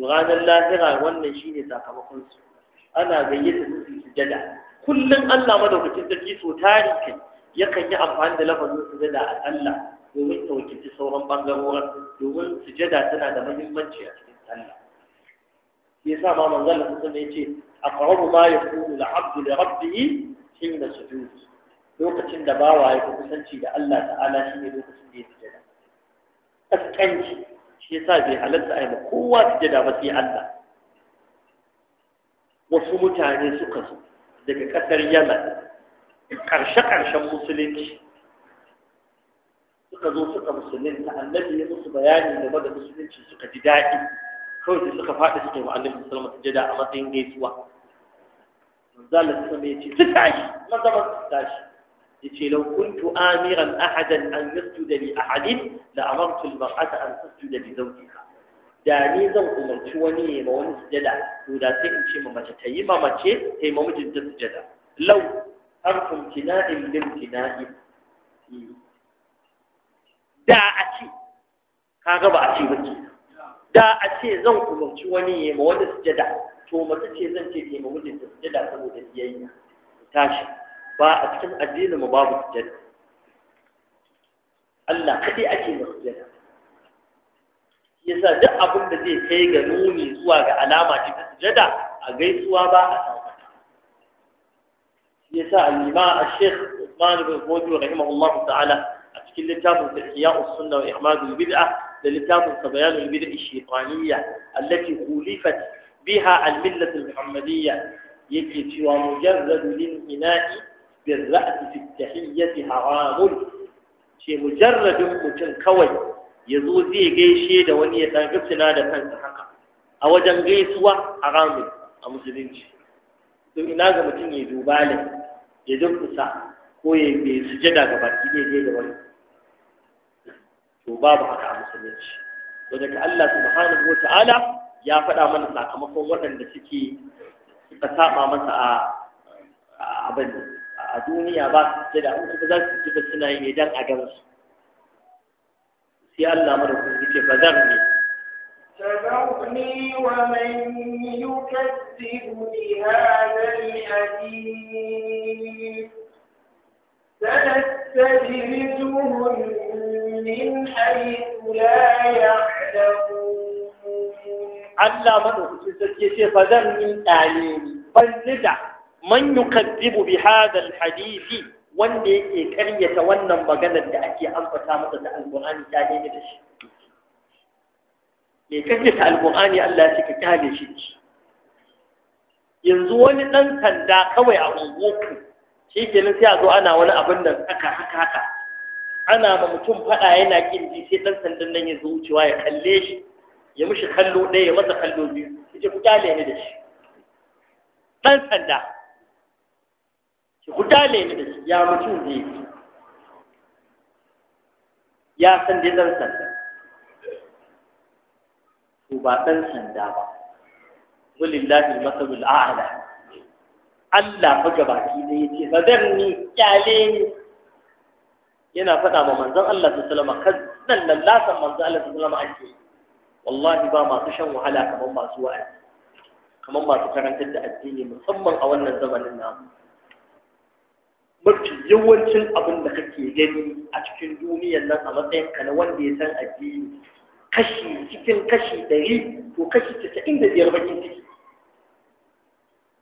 ranar lahira wannan shine sakamakon su ana gayyata su sujada kullum Allah madaukakin sarki so tari kai yakan yi amfani da lafazin sujada a sallah domin ta wakilci sauran bangarorin domin sujada tana da muhimmanci a cikin sallah yasa ma manzon Allah sun ce aqrabu ma yakunu al-'abdu li rabbih da sujudi lokacin da bawa ya kusanci da Allah ta'ala shi ne lokacin da ya sujada kaskanci shi yasa bai halatta a yi ma kowa sujada ba sai Allah wasu mutane suka zo daga ƙasar yaman ƙarshe-ƙarshen musulunci suka zo suka musulunta annabi ya musu bayani game da musulunci suka ji daɗi kawai da suka faɗi suka yi wa annabi musulma su jada a matsayin gaisuwa manzala su ya ce su tashi maza ba su tashi yace law kuntu amiran ahadan an yasjuda li ahadin da amartu al-mar'ata an tasjuda li zawjiha da ni zan umarci wani ne ma wani sujada to da sai in ce ma mace ta yi ma mace ta yi ma mijinta sujada law harfun tina'in lil tina'i da a ce kaga ba a ce ba da a ce zan umarci wani ne ma wani sujada to mace ce zan ce ta yi ma mijinta sujada saboda biyayya tashi فاكتب الدين مباب الجنة الله كتي أتي مخجنة يسأل دق أبو الذي تيغ نوني سوى علامة جدا أغي سوى با يسأل لما الشيخ عثمان بن فوجو رحمه الله تعالى أتكلم لتابه في إحياء السنة وإعماد البدعة للتابه في بيان البدع الشيطانية التي خلفت بها الملة المحمدية يجي سوى مجرد للإناء بالرأس في التحية حرام شيء مجرد متن كوي يزو زي غيشي ده وني يتنقصنا ده كان haka a wajen gaisuwa haramun a musulunci to ina ga mutum ya duba dubalin ya durkusa ko ya sujada ga baki daidai da wani to babu haka a musulunci wanda ka Allah subhanahu wata'ala ya faɗa mana sakamakon waɗanda suke suka saba masa a abin da. a duniya ba su sujada in suka za su sujada suna yi ne dan a gan su sai Allah madaukakin ya ce ba zan ne تذرني ومن يكذب بهذا الحديث سنستدرجهم من حيث لا يعلمون Allah maɗaukacin sarki ce fa zan yi ɗale ni, ban nida man yukazzibu bi hadha hadisi wanda yake karyata wannan maganar da ake ambata masa da alqur'ani ta ne da shi me karyata alqur'ani Allah ya ka kale shi yanzu wani dan sanda kawai a unguwarku shi ke sai a zo ana wani abin da haka haka haka ana ma mutum faɗa yana ƙin ji sai dan sandan nan ya zo wucewa ya kalle shi ya mishi kallo ɗaya ya masa kallo biyu ya ku kyale ni da shi dan sanda guda ne da shi ya mutum zai yi ya san dai zan sanda to ba ɗan sanda ba walillahi al-masalul a'la Allah fa gabaki ne yace fadarni kyale ni yana faɗa ma manzon Allah sallallahu alaihi wasallam kan nan lasan manzon Allah sallallahu alaihi wasallam ake wallahi ba masu shan wahala kamar masu wa'azi kamar masu karantar da addini musamman a wannan zamanin namu mafi yawancin abin da kake gani a cikin duniyar nan a matsayin ka na wanda ya san addini kashi cikin kashi ɗari to kashi casa'in da biyar bakin ciki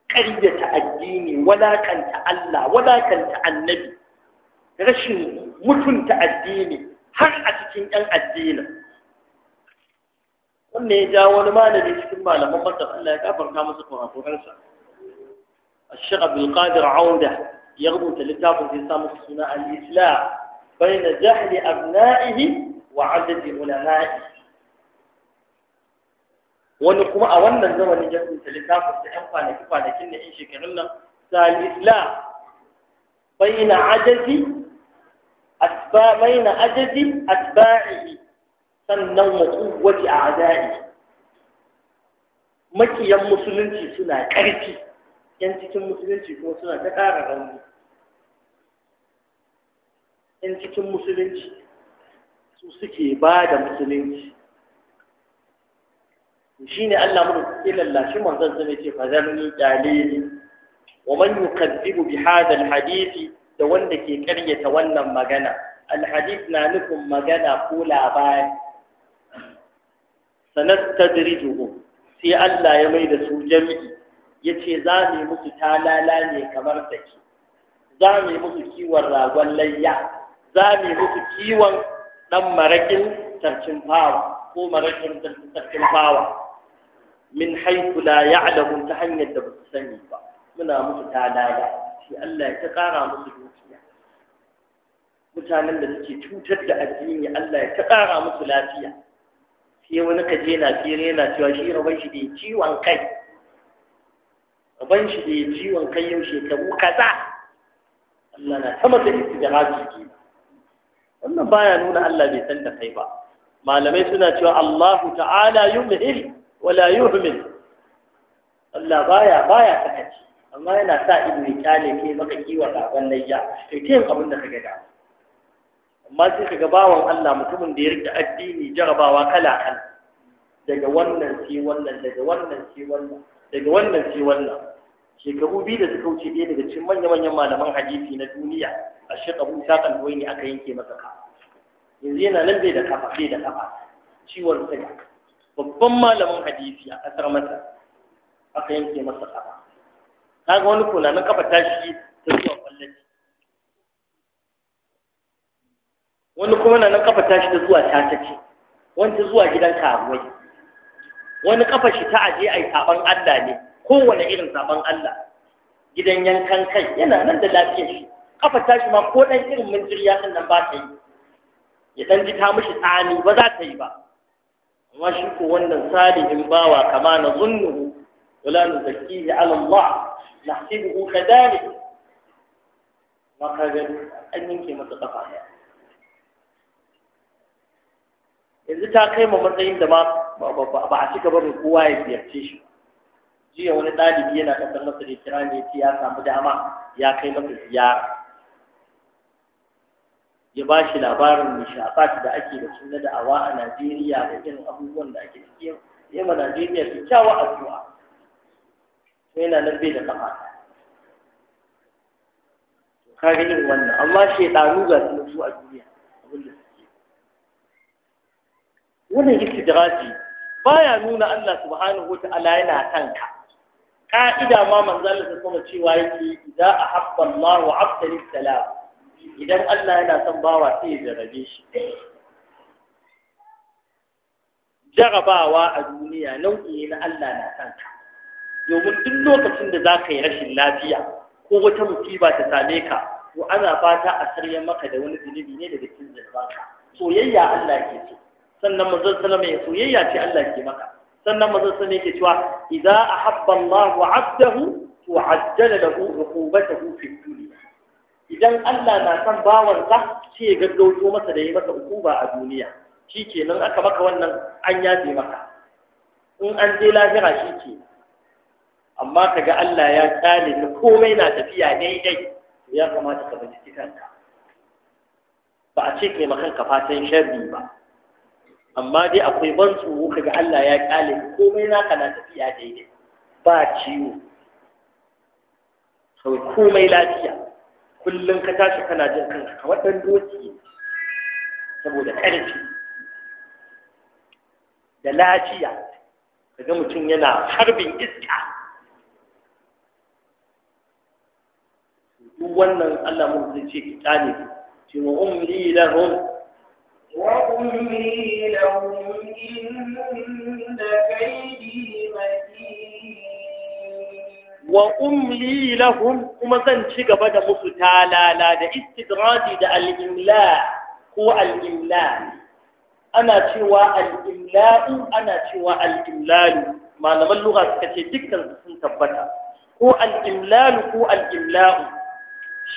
ƙaryata addini walakanta Allah walakanta annabi rashin mutunta addini har a cikin 'yan addinin wannan ya ja wani malami cikin malaman masar Allah ya gafarta masa kurakuransa a عبد القادر عودة ya rubuta littafin zai samu suna al-islam baina jahli abna'ihi wa adadi ulama'i wani kuma a wannan zamanin ya rubuta littafin da yan kwanaki kwanakin da yan shekarun nan sa al-islam baina adadi asba baina adadi asba'ihi sannan wa quwwati a'da'i makiyan musulunci suna ƙarfi yan cikin musulunci kuma suna ta ƙara rauni yan cikin musulunci su suke ba da musulunci shi ne Allah mu ke lallashi manzon zai ce fazarni dalili wa man yukazzibu bi hadha alhadisi da wanda ke karyata wannan magana alhadith na nufin magana ko labari sanastadrijuhum sai Allah ya mai da su jami'i ya ce za mu musu talala ne kamar da ke za mu musu kiwon ragon layya za mu musu kiwon ɗan marakin tarcin fawa ko marakin tarcin fawa min haiku la ya'lamu ta hanyar da ba su sani ba muna musu talala shi Allah ya ta ƙara musu dukiya mutanen da suke cutar da addini Allah ya ta ƙara musu lafiya sai wani kaje na tsere na cewa shi rabon shi da ciwon kai ban shi da ya ciwon kai yau shekaru kaza Allah na sama da istijaraji ke wannan baya nuna Allah bai san da kai ba malamai suna cewa Allahu ta'ala yumhil wala yuhmil Allah baya baya sakaci amma yana sa ido ya kyale ke maka kiwa gaban layya to kin abin da kaga da amma sai kaga bawan Allah mutumin da ya rike addini jarabawa kala kala daga wannan sai wannan daga wannan sai wannan daga wannan sai wannan shekaru biyu da suka wuce ɗaya daga cikin manya-manyan malaman hadisi na duniya a shekaru ta kalwai ne aka yanke masa ka yanzu yana nan bai da kafa bai da kafa ciwon tsaya, babban malamin hadisi a ƙasar masar aka yanke masa kafa ga wani kula na kafa tashi ta zuwa kwallaci wani kuma na kafa tashi ta zuwa tatace wani ta zuwa gidan kawai wani kafa shi ta aje a yi saɓan Allah ne kowane irin zaben Allah gidan yankan kai yana nan da lafiyar shi kafa tashi ma ko dan irin minjiriya din nan ba ta yi ya dan ji ta mishi tsani ba za ta yi ba amma shi ko wannan salihin bawa kama na zunnu wala nuzakkihi ala Allah nahsibuhu kadhalik maka ga an yanke masa kafa yanzu ta kai ma matsayin da ba a cika barin kowa ya ziyarce shi jiya wani ɗalibi yana ƙasar masa da kira ne ce ya samu dama ya kai masa ziyara ya ba shi labarin nishafat da ake da suna da awa a Najeriya da irin abubuwan da ake ciki ya ma Najeriya kyakkyawa zuwa. to yana nan bai da kafa ka ga yin wannan amma shedanu ga su su a duniya abin da suke wannan istidraji baya nuna Allah subhanahu wa ta'ala yana kanka ka'ida ma manzo Allah ta kuma cewa yake za a Allah wa abdani salam idan Allah yana son bawa sai ya jarabe shi jarabawa a duniya nau'i ne na Allah na son ka domin duk lokacin da zaka yi rashin lafiya ko wata musiba ta same ka to ana fata a sarya maka da wani zunubi ne daga cikin jarabanka soyayya Allah ke so sannan manzo sallama ya soyayya ce Allah ke maka sannan manzo sallama yake cewa idza ahabba Allahu 'abdahu to ajjala lahu uqubatahu fi dunya idan Allah na san bawansa sai ya gaggauto masa da yi masa ukuba a duniya shi shikenan aka maka wannan an yafe maka in an je lahira shike amma kaga Allah ya tsare ni komai na tafiya daidai ya kamata ka bincike kanka ba a ce kai makanka fatan sharri ba amma dai akwai ban tsoro kaga Allah ya kyale komai naka na tafiya daidai ba ciwo sau komai lafiya kullum ka tashi kana jin kanka kamar doki saboda karfi da lafiya kaga mutum yana harbin iska duk wannan Allah mun zai ce ki kyale ce wa ummi lahum وأملي لهم إن كيدي وأملي لهم كما زنشق بدا مسطالا لا دا استدراج دا الإملاء هو الإملاء أنا شوى الإملاء أنا شوى الإملال ما لما اللغة كتير دكتا سنتبتا هو الإملال هو الإملاء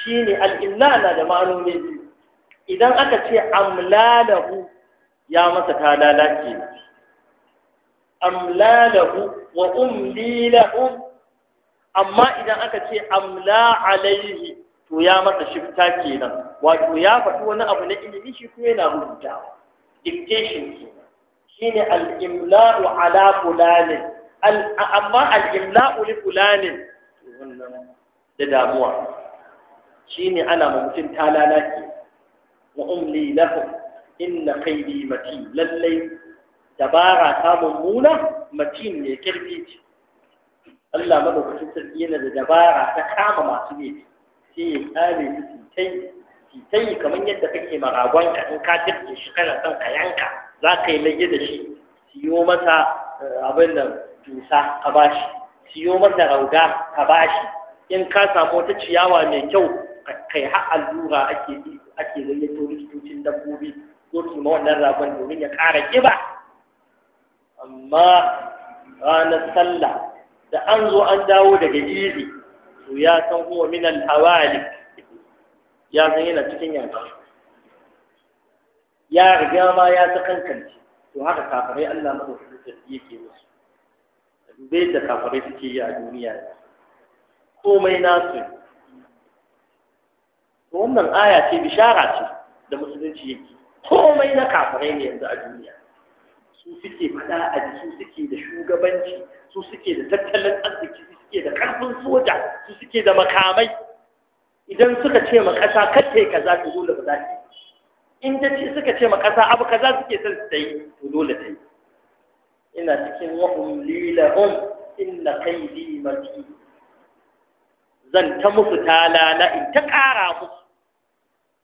شيني الإملاء أنا دا معنوني idan aka ce amlalahu ya masa ta lalace amlalahu wa umli lahum amma idan aka ce amla alaihi to ya masa shifta kenan wato ya faɗi wani abu na ilimi shi kuma yana rubuta dictation shine al-imla'u ala fulani amma al'imla'u li fulani da damuwa shi ne ana mutum ta lalace وأملي لهم إن قيدي متين للي دبارة تاممونة متين يكربيت الله مدوك تسرقين دبارة تكام ما تبيت في آلي تسيتين تسيتين كمن يدفكي مغاوانك إن كاتبت شكرا تنك ينك ذاك يلي دشي سيوما أبنى جوسا قباش سيوما روغا قباش in ka samu wata ciyawa mai kyau kai har allura ake yi ake gayyato likitocin dabbobi ko su ma wannan ragon domin ya ƙara ƙiba amma ranar sallah da an zo an dawo daga izi to ya san huwa min al-hawali ya san yana cikin yanzu ya riga ma ya ta kankanci to haka kafirai Allah madaukakin sarki yake musu dai da kafirai suke yi a duniya komai nasu wannan aya ce bishara ce da musulunci yake komai na kafirai ne yanzu a duniya su suke fada a su suke da shugabanci su suke da tattalin arziki su suke da karfin soja su suke da makamai idan suka ce ma ƙasa kace za su dole ba za ta in ta ce suka ce ma ƙasa abu kaza suke son su ta yi to dole ta yi ina cikin wa'um lilahum inna zi matin zan ta musu talala in ta ƙara musu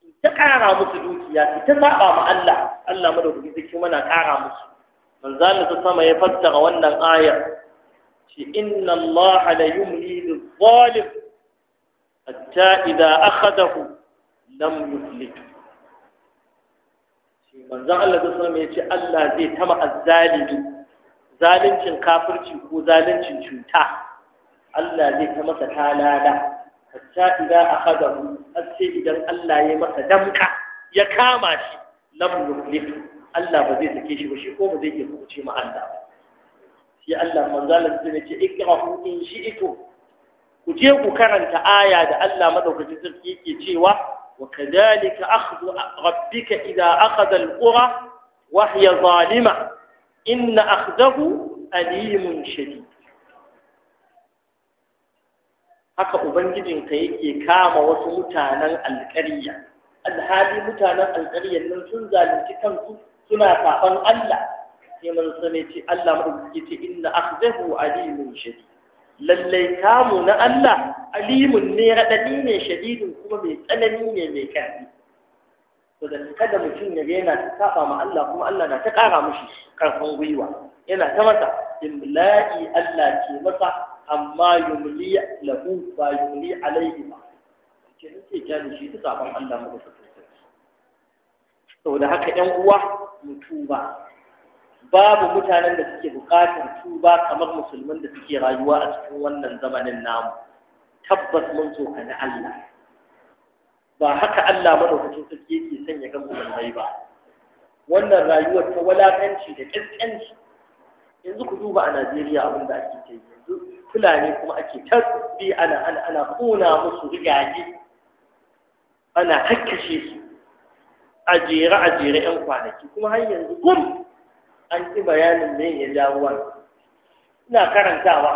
in ta ƙara musu dukiya in ta saba ma Allah Allah madaukaki zai mana ƙara musu manzo Allah ta sama ya fassara wannan ayar ce inna Allah la yumli lil-zalim hatta idza akhadahu lam yuflih manzon Allah ta sama ya ce Allah zai tama azzalimi zalincin kafirci ko zalincin cuta Allah zai ta masa talala hatta idza akhadahu sai idan Allah ya masa damka ya kama shi lam yuklif Allah ba zai sake shi ba shi ko ba zai iya kuce ma Allah ba sai Allah manzalan sai ce ikrahu in shi'tu ku je ku karanta aya da Allah madaukakin sarki yake cewa wa kadhalika akhdhu rabbika idza akhadha al-qura wa hiya zalima inna akhdahu alimun shadid haka ubangijinka yake kama wasu mutanen alƙarya alhali mutanen Alkarya nan sun zalunci kansu suna saban Allah sai mun sani ce Allah madaukaki ce inna akhdahu alimun shadid lallai kamu na Allah alimun ne radadi ne shadidin kuma mai tsanani ne mai karfi to da kada mutum ya ga yana ta saba ma Allah kuma Allah na ta kara mishi karfin gwiwa yana ta masa imla'i Allah ke masa amma yumli lahu ba yumli alaihi ba ke nake gani shi duka sabon Allah mu da haka ɗan uwa mu tuba babu mutanen da suke buƙatar tuba kamar musulman da suke rayuwa a cikin wannan zamanin namu tabbas mun so na Allah ba haka Allah madaukakin sarki yake sanya ya ga musulmai ba wannan rayuwar ta walakanci da ƙasƙanci yanzu ku duba a Najeriya abin da ake ta yanzu fulani kuma ake tasbi ana ana ana kuna musu rigaji ana hakkashe su a jere a jere yan kwanaki kuma har yanzu kun! an ki bayanin me ya jawo ina karantawa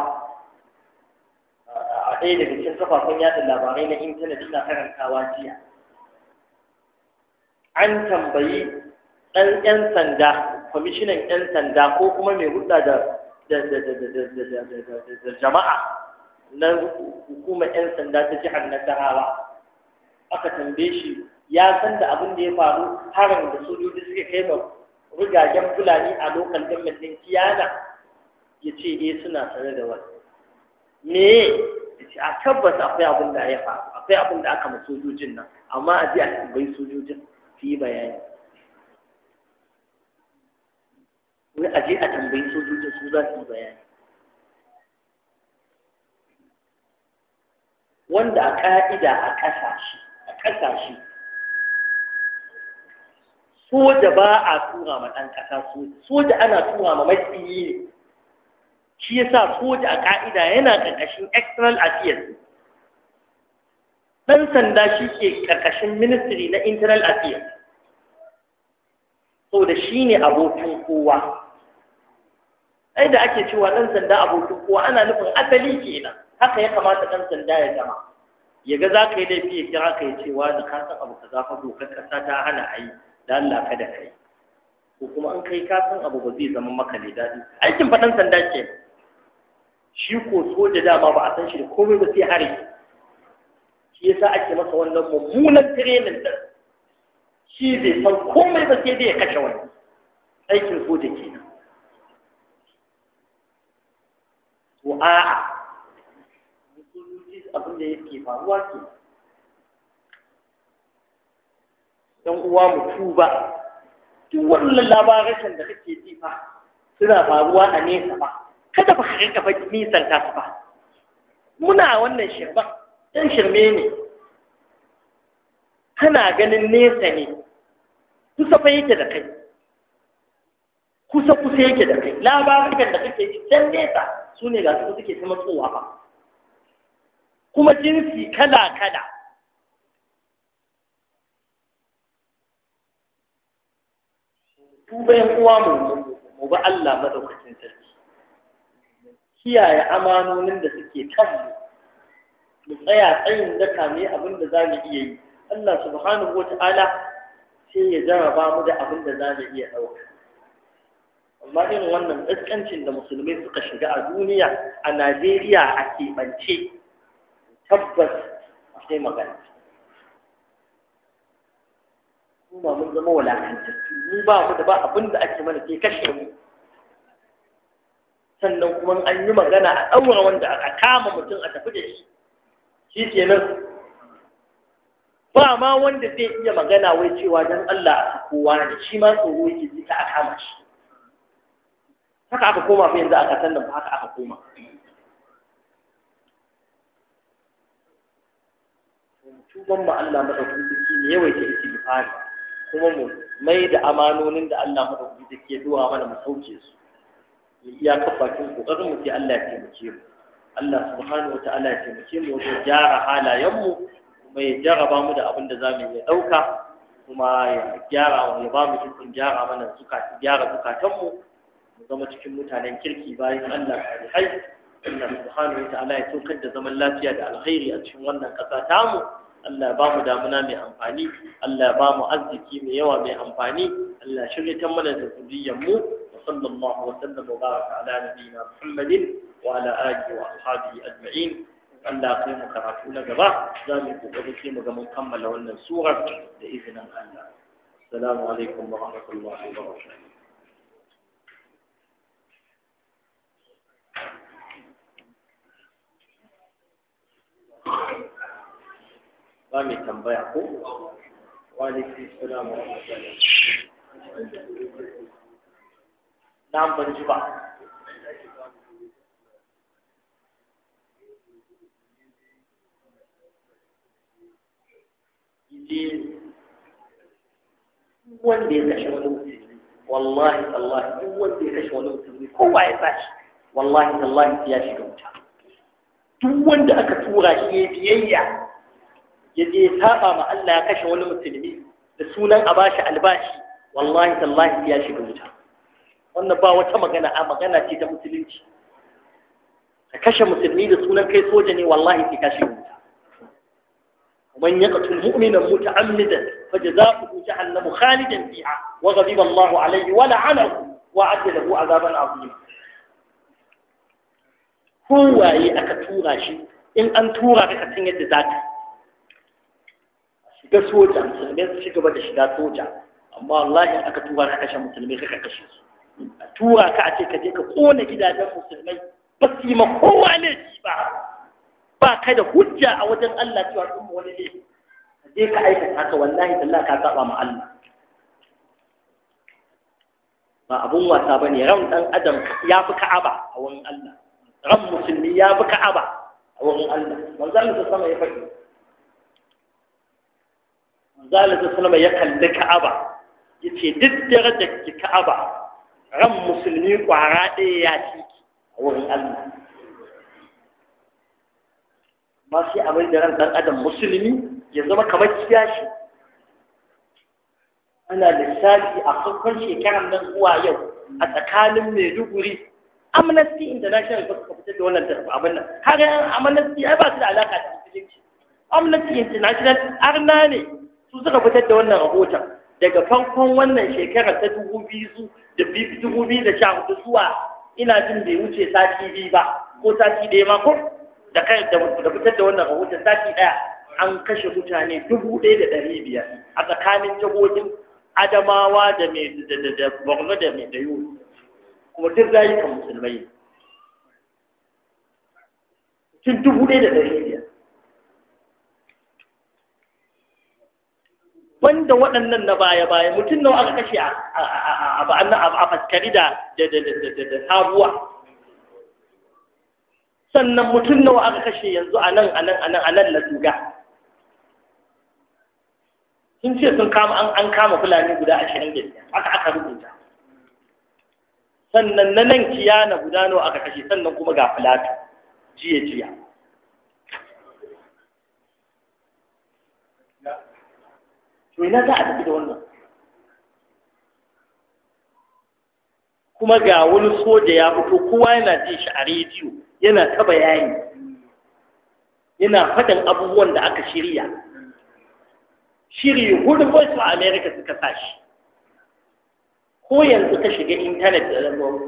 a ɗaya daga cikin kafafen yaɗa labarai na intanet ina karantawa jiya an tambayi ɗan 'yan sanda kwamishinan 'yan sanda ko kuma mai hulɗa da da jama'a na hukumar 'yan sanda ta jihar Nasarawa aka tambaye shi ya san da abin da ya faru harin da sojoji suka kai ma rigagen fulani a lokal gwamnat kiyana ya ce eh suna sare da wani me ya ce a tabbas akwai abin da ya faru akwai abin da aka ma sojojin nan amma a ji a tambayi sojojin su yi bayani Wani aje a tambayi sojojin su za su bayani wanda a ka'ida a kasashe a ƙasashe soja ba a tura ma ɗan ƙasa soja soja ana tura ma matsiyi ne shi ya sa soja a ka'ida yana ƙarƙashin external affairs ɗan sanda shi ke ƙarƙashin ministry na internal affairs da shi ne abokin kowa ai da ake cewa ɗan sanda abokin kowa ana nufin asali kenan haka ya kamata ɗan sanda ya zama ya ga za ka yi laifi ya kira ka ya ce wa da ka san abu ka zafa ƙasa ta hana a yi da Allah kada ka yi ko kuma an kai ka san abu ba zai zama maka ne daɗi aikin faɗan sanda ke shi ko soja dama ba a san shi da komai ba sai hari shi yasa ake masa wannan mummunan tirenin ɗin shi zai san komai ba sai dai ya kashe wani aikin soja kenan ko a'a musulunci abin da yake faruwa ke dan uwa mu tuba duk wannan labarin da kake ji fa suna faruwa a nesa ba kada ba ka rika nisan ta ba muna wannan shirba dan shirme ne kana ganin nesa ne kusa fa yake da kai kusa kusa yake da kai labarukan da kake ji can nesa su ne ga su suke ta matsowa ba kuma jinsi kala kala yan uwa mu mu ba Allah madaukakin sarki kiyaye amanonin da suke kan mu tsaya tsayin daka ne abin da za mu iya yi Allah subhanahu wa ta'ala sai ya jaraba mu da abin da za mu iya ɗauka amma irin wannan ƙasƙancin da musulmai suka shiga a duniya a najeriya a keɓance tabbas a sai magana kuma mun zama walakantattu mu ba mu da ba abin da ake mana ke kashe mu sannan kuma an yi magana a ɗaura wanda a kama mutum a tafi da shi shi nan ba ma wanda zai iya magana wai cewa don Allah a kowa ne shi ma tsoro yake ji ta a kama shi haka aka koma fiye yanzu aka san nan haka aka koma tuban ma Allah madaukakin sarki ne da fari kuma mu mai da amanonin da Allah madaukakin da ya zuwa mana mu sauke su ya kafakin kokarin mu sai Allah ya taimake mu Allah subhanahu wa ta'ala ya taimake mu wajen gyara halayen mu kuma ya jaraba mu da abin da za mu iya ɗauka kuma ya gyara wa ya ba mu cikin gyara mana gyara zukatan mu zama cikin mutanen kirki bayan Allah salihai Allah subhanahu wataala ya tokar da zaman lafiya da alkhairi a cikin wannan ƙasa mu. Allah ba mu damuna mai amfani Allah ba mu arziki mai yawa mai amfani Allah shirya ta mana da mu sallallahu wa sallam wa baraka ala nabiyyina Muhammadin wa ala alihi wa ashabihi ajma'in Allah kai mu karatu na gaba za mu kokari sai mu ga mun kammala wannan surar da izinin Allah Assalamu alaikum wa rahmatullahi wa barakatuh ba mai tambaya ko waliki salamu na ban ji ba wanda ya kashe wani mutum wallahi tallahi duk wanda ya kashe wani mutum kowa ya tashi wallahi tallahi ya shiga wuta duk wanda aka tura shi ya biyayya ya je ya saba ma Allah ya kashe wani musulmi da sunan a bashi albashi wallahi tallahi ya shiga wuta wannan ba wata magana a magana ce ta musulunci ka kashe musulmi da sunan kai soja ne wallahi sai ka shiga wuta ومن يقتل مؤمنا متعمدا فجزاؤه جهنم خالدا فيها وغضب الله عليه ولعنه وأعد له عذابا عظيما kowaye aka tura shi in an tura ka kasan yadda za ta shiga soja musulmai su ci gaba da shiga soja amma wallahi in aka tura ka kashe musulmai ka kashe su a tura ka a ce ka je ka kona gidajen musulmai ba su yi ma kowa laifi ba ba ka da hujja a wajen Allah cewa mu wani laifi ka je ka aikata ka wallahi Allah ka saba ma Allah ba abun wasa ba ne ran ɗan adam ya fi ka'aba a wurin Allah ran musulmi ya bi ka'aba a wurin Allah manzo Allah sama ya faɗi manzo Allah sama ya kalli ka'aba ya ce duk darajar ki ka'aba ran musulmi kwara ɗaya ya ci a wurin Allah ba sai a da ran ɗan adam musulmi ya zama kamar kiyashi ana lissafi a farkon shekarar nan zuwa yau a tsakanin maiduguri amnesty international ba su fitar da wannan tarfa abin nan har yan amnesty ai ba su da alaka da musulunci amnesty international arna ne su suka fitar da wannan rahoton daga farkon wannan shekarar ta dubu biyu da dubu biyu da sha hudu zuwa ina jin bai wuce sati biyu ba ko sati ɗaya ma ko da kai da fitar da wannan rahoton sati ɗaya an kashe mutane dubu ɗaya da ɗari biyar a tsakanin jagorin adamawa da mai da borno da mai da yobe kuma duk rayukan musulmai tun dubu ɗaya da ɗari biyar banda waɗannan na baya-baya mutum nawa aka kashe a faskari da sabuwa sannan mutum nawa aka kashe yanzu a nan a nan a nan a nan na duga sun ce sun kama an kama fulani guda ashirin da aka aka rubuta sannan na nan kiyana guda nawa aka kashe sannan kuma ga filatu jiya jiya to ina za a tafi da wannan kuma ga wani soja ya fito kowa yana ce shi a rediyo yana taba yayi yana faɗin abubuwan da aka shirya shiri hudu voice of america suka sa ko yanzu ka shiga intanet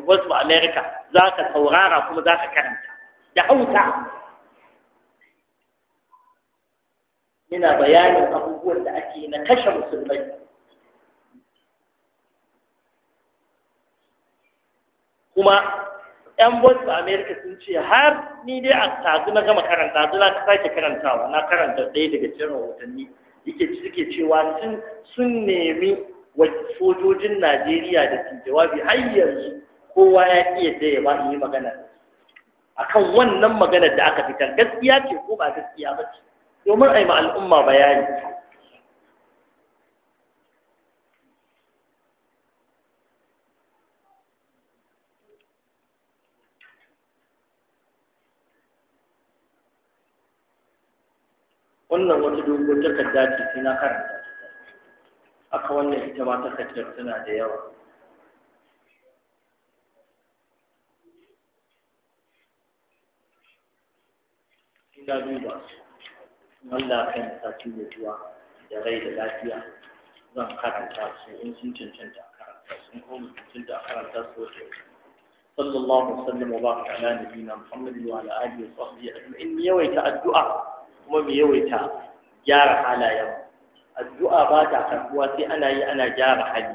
wasu amerika za ka saurara kuma za ka karanta da hauta Ina bayanin abubuwan da ake na kashe musulmai kuma yan wasu a Amerika sun ce har ni dai a tazu na gama karanta na ka sake karantawa na karanta ɗaya daga cikin rahotanni suke cewa sun nemi sojojin Najeriya da ke jawabi har yanzu kowa ya iya da ya ba yi magana a kan wannan magana da aka fitar gaskiya ce ko ba gaskiya ba ce domin a yi ma al'umma bayani wannan wata dogon takarda ce sai na karanta aka wannan ita ma takardar tana da yawa ina duba su Allah kan sati da zuwa da rai da lafiya zan karanta su in sun cancanta karanta sun in kuma cancanta karanta su wata صلى الله وسلم وبارك على نبينا محمد وعلى اله وصحبه اجمعين يويت الدعاء ومن يويت جار حالا يوم addu'a ba ta karbuwa sai ana yi ana gyara hali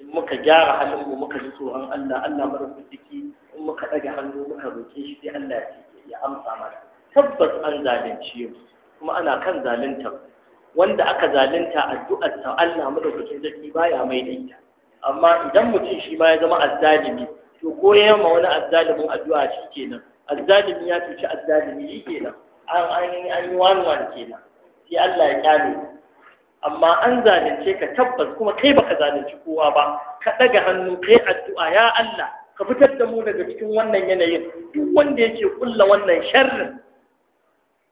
in muka gyara halin mu muka ji tsoron Allah Allah mara ciki in muka ɗaga hannu muka roƙe shi sai Allah ya amsa mana tabbas an zalunci mu kuma ana kan zalunta wanda aka zalunta addu'ar ta Allah madaukakin sarki baya mai da amma idan mutum shi ma ya zama azzalimi to ko ya ma wani azzalimin addu'a shi kenan azzalimi ya cuci azzalimi shi kenan an an an yi wani wani kenan sai Allah ya kyale amma an zalunce ka tabbas kuma kai baka zalunci kowa ba ka daga hannu kai addu'a ya Allah ka fitar da mu daga cikin wannan yanayin duk wanda yake kulla wannan sharrin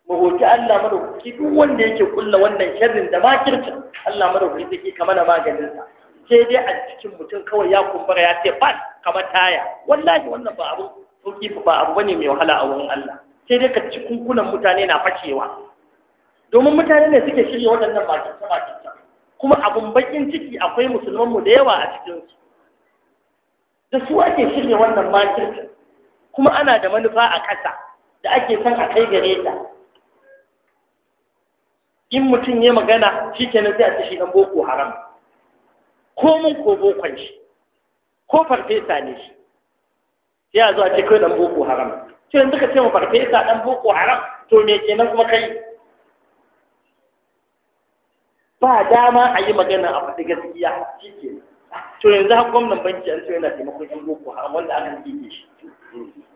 mahoci Allah madauki duk wanda yake kulla wannan sharrin da makirta Allah madauki take ka mana maganin sa sai dai a cikin mutum kawai ya kumbura ya ce ba kama taya wallahi wannan ba abu sauki ba abu bane mai wahala a wurin Allah sai dai ka ci kunkunan mutane na fakewa domin mutane ne suke shirya waɗannan bakinta bakinta kuma abun bakin ciki akwai musulmanmu da yawa a cikinsu da su ake shirya wannan makircin kuma ana da manufa a ƙasa da ake son a kai gare ta in mutum ya magana shi kenan sai a ce shi ɗan boko haram ko mun ko bokon shi ko farfesa ne shi sai a zo a ce kai ɗan boko haram sai yanzu ka ce farfesa ɗan boko haram to me kenan kuma kai ba dama a yi magana a faɗi gaskiya shi ke to yanzu har gwamnan banki an yana taimakon yan boko haram wanda aka ke shi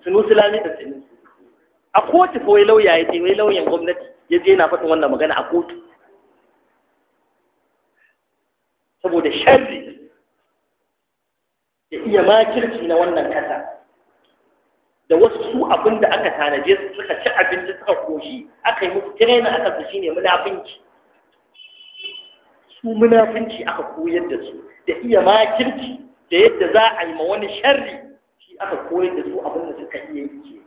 sunusu lami da sunusu a kotu ko wai lauya ya wai lauyan gwamnati ya je yana faɗin wannan magana a kotu saboda sharri ya iya makirci na wannan kasa da wasu su abin da aka tanaje suka ci abinci suka koshi aka yi musu na aka su shine munafinci su munafunci aka koyar da su da iya makirci da yadda za a yi ma wani sharri shi aka koyar da su abin da suka iya yi ke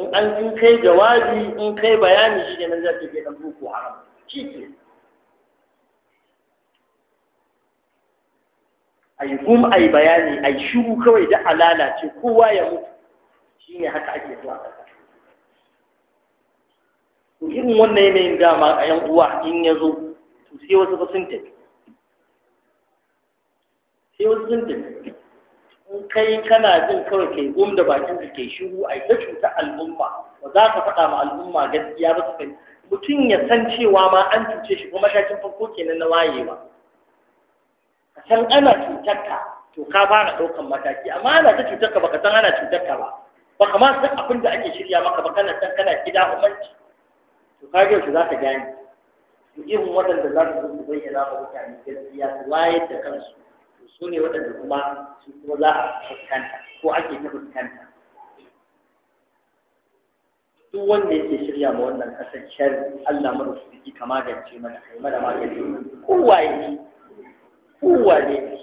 in an in kai jawabi in kai bayani shi ne na za ta ke dan haram shi ke ai a yi bayani yi shiru kawai da lalace, kowa ya mutu shi ne haka ake zuwa ƙasa irin wannan yanayin dama a yan uwa in ya zo to sai wasu sun tafi sai wasu sun tafi in kai kana jin kawai kai gum da bakin ka kai shiru a ta cuta al'umma ba za ka faɗa ma al'umma gaskiya ba su kai. mutum ya san cewa ma an cuce shi kuma matakin farko kenan na wayewa ka san ana cutar ka to ka fara ɗaukan mataki amma ana ta cutar ka baka san ana cutar ka ba ba kamar san abin da ake shirya maka ba kana san kana gida umarci to ka yau za ka gane to irin waɗanda za su zo bai yana ba mutane gaskiya su wayar da kansu su ne waɗanda kuma su kuma za a fuskanta ko ake ta fuskanta duk wanda yake shirya ma wannan ƙasar sharri Allah mara su yi ka magance mana kai mana magance kowa ne kowa ne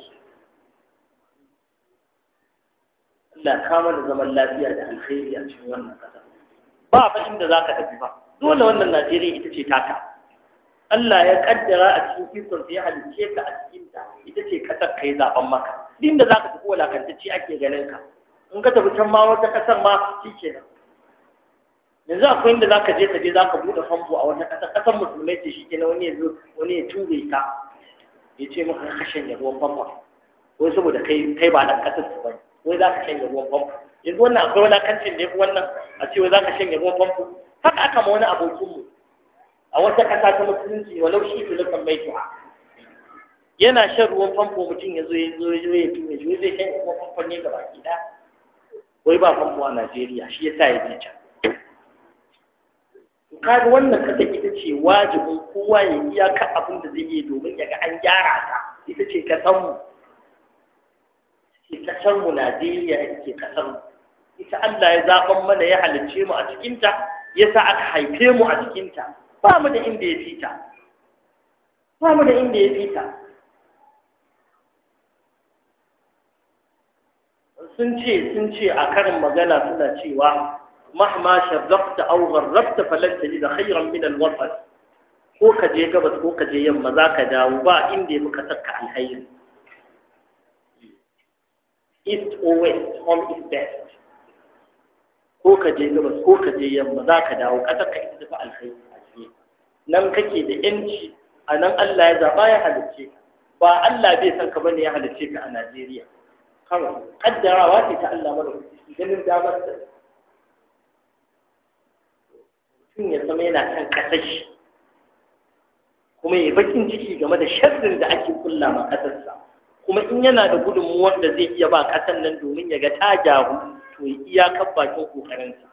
Allah kama da zaman lafiya da alkhairi a cikin wannan ƙasar. ba fa inda za ka tafi ba dole wannan Najeriya ita ce taka Allah ya kaddara a cikin fikon ya halice ka a cikin ta ita ce kasar kai zaben maka din da zaka tafi ci ake ganin ka in ka tafi can ma wata kasar ma shikenan yanzu akwai inda zaka je ka je zaka bude famfo a wata kasar kasar musulmai ce shikenan wani yanzu wani ya ture ka ya ce maka ka shanye ruwan famfo wai saboda kai kai ba dan kasar su wai zaka shanye ruwan famfo yanzu wannan akwai wani kancin da yafi wannan a ce wai zaka shanye ruwan famfo haka aka ma wani abokinmu a wata ƙasa ta musulunci walau shi da lakan mai tuwa yana shan ruwan famfo mutum ya zo ya zo ya zo ya tume shi zai shan ruwan famfon ne gaba ki da wai ba famfo a Najeriya shi ya sa ya je can kaga wannan kasa ita ce wajibin kowa ya iyaka abin da zai yi domin ya ga an gyara ta ita ce san mu Ita kasan mu Najeriya ita ce kasan mu ita Allah ya zaɓan mana ya halicce mu a cikinta yasa aka haife mu a cikinta ba mu da inda ya fita ba mu da inda ya fita sun ce sun ce a karin magana suna cewa mahma sharrafta aw gharrafta falan tajida khayran min al-wasat ko ka je gabas ko ka je yamma za ka dawo ba inda ya muka saka alhairi east or west home is best ko ka je gabas ko ka je yamma za ka dawo ƙasar ka ita tafi alkhairi nan kake da yanci a nan Allah ya zaɓa ya halicce ka ba Allah bai san ka bane ya halicce ka a Najeriya kawai kaddarawa ce ta Allah mara ganin damar da mutum ya zama yana kan ƙasar shi kuma ya bakin ciki game da sharrin da ake kulla ma ƙasarsa kuma in yana da gudunmuwar da zai iya ba ƙasar nan domin ya ga ta jahu to iyakar bakin kokarinsa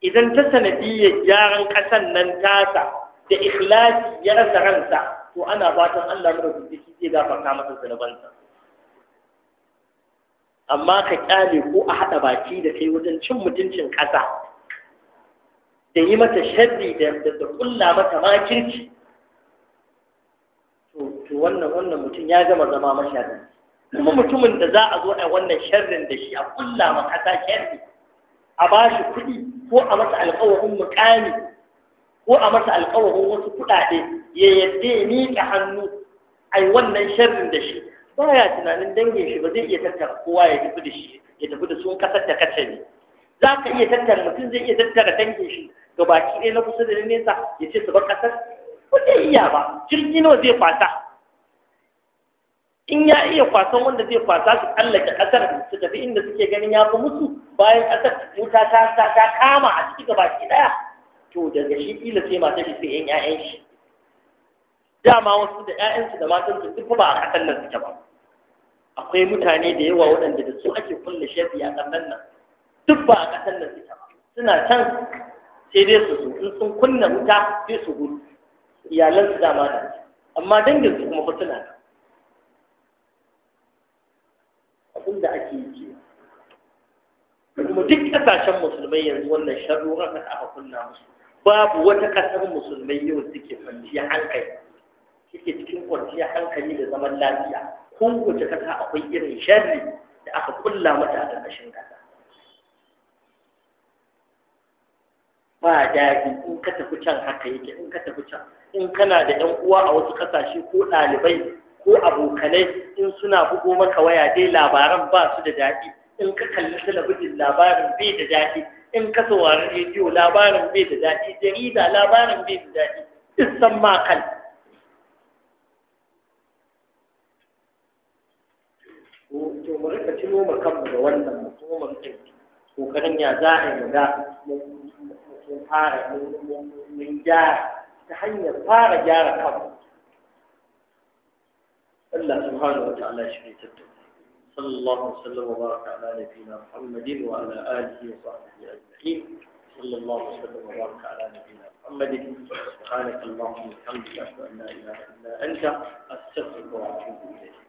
idan ta sanadiyyar gyaran ƙasan nan tasa da ikhlasi ya rasa ransa to ana fatan Allah mu rubuta shi zai gafarta masa zunubansa amma ka kyale ko a haɗa baki da kai wajen cin mutuncin ƙasa da yi mata sharri da da kulla mata makirci to wannan wannan mutum ya gama zama masharanci kuma mutumin da za a zo a wannan sharrin da shi a kulla ma kasa sharri a ba shi kuɗi ko a masa alƙawarin muƙami ko a masa alƙawarin wasu kuɗaɗe ya yadda ya miƙa hannu a wannan sharrin da shi ba ya tunanin dangin shi ba zai iya tattara kowa ya tafi da shi ya tafi da sun kasar ne za ka iya tattara mutum zai iya tattara dangin shi ga baki ɗaya na kusa da nesa ya ce su bar ƙasar ba zai iya ba jirgi nawa zai fata in ya iya kwasan wanda zai kwasa su tsallake ƙasar su tafi inda suke ganin ya fi musu bayan ƙasar wuta ta ta kama a cikin baki ɗaya to daga shi kila sai mata shi sai 'yan 'ya'yan shi dama wasu da 'ya'yansu da matan su duk ba a ƙasar nan suke ba akwai mutane da yawa waɗanda da su ake kulle shafi a ƙasar nan duk ba a ƙasar nan suke ba suna can sai dai su zo in sun kunna wuta sai su gudu iyalansu dama da amma dangin su kuma fa suna nan abin da ake yi kenan kuma duk ƙasashen musulmai yanzu wannan sharruran da aka kunna musu babu wata ƙasar musulmai yau suke kwanciya hankali suke cikin kwanciya hankali da zaman lafiya wace ƙasa akwai irin sharri da aka kulla mata a ƙarƙashin kasa ba daɗi in ka tafi can haka yake in ka tafi can in kana da 'yan uwa a wasu ƙasashe ko ɗalibai ko abokanai in suna bugo maka waya dai labaran ba su da daɗi in ka kalli talabijin labarin bai da daɗi in ka saurari rediyo labarin bai da daɗi jarida labarin bai da daɗi isan kan. to mu rika tuno mu kanmu da wannan kuma mu rika kokarin ya za a yi ga mun fara mun gyara ta hanyar fara gyara kanmu الله سبحانه وتعالى الدنيا صلى الله وسلم وبارك على نبينا محمد وعلى آله وصحبه أجمعين صلى الله وسلم وبارك على نبينا محمد سبحانك اللهم وبحمدك أشهد أن لا إله إلا أنت أستغفرك وأتوب إليك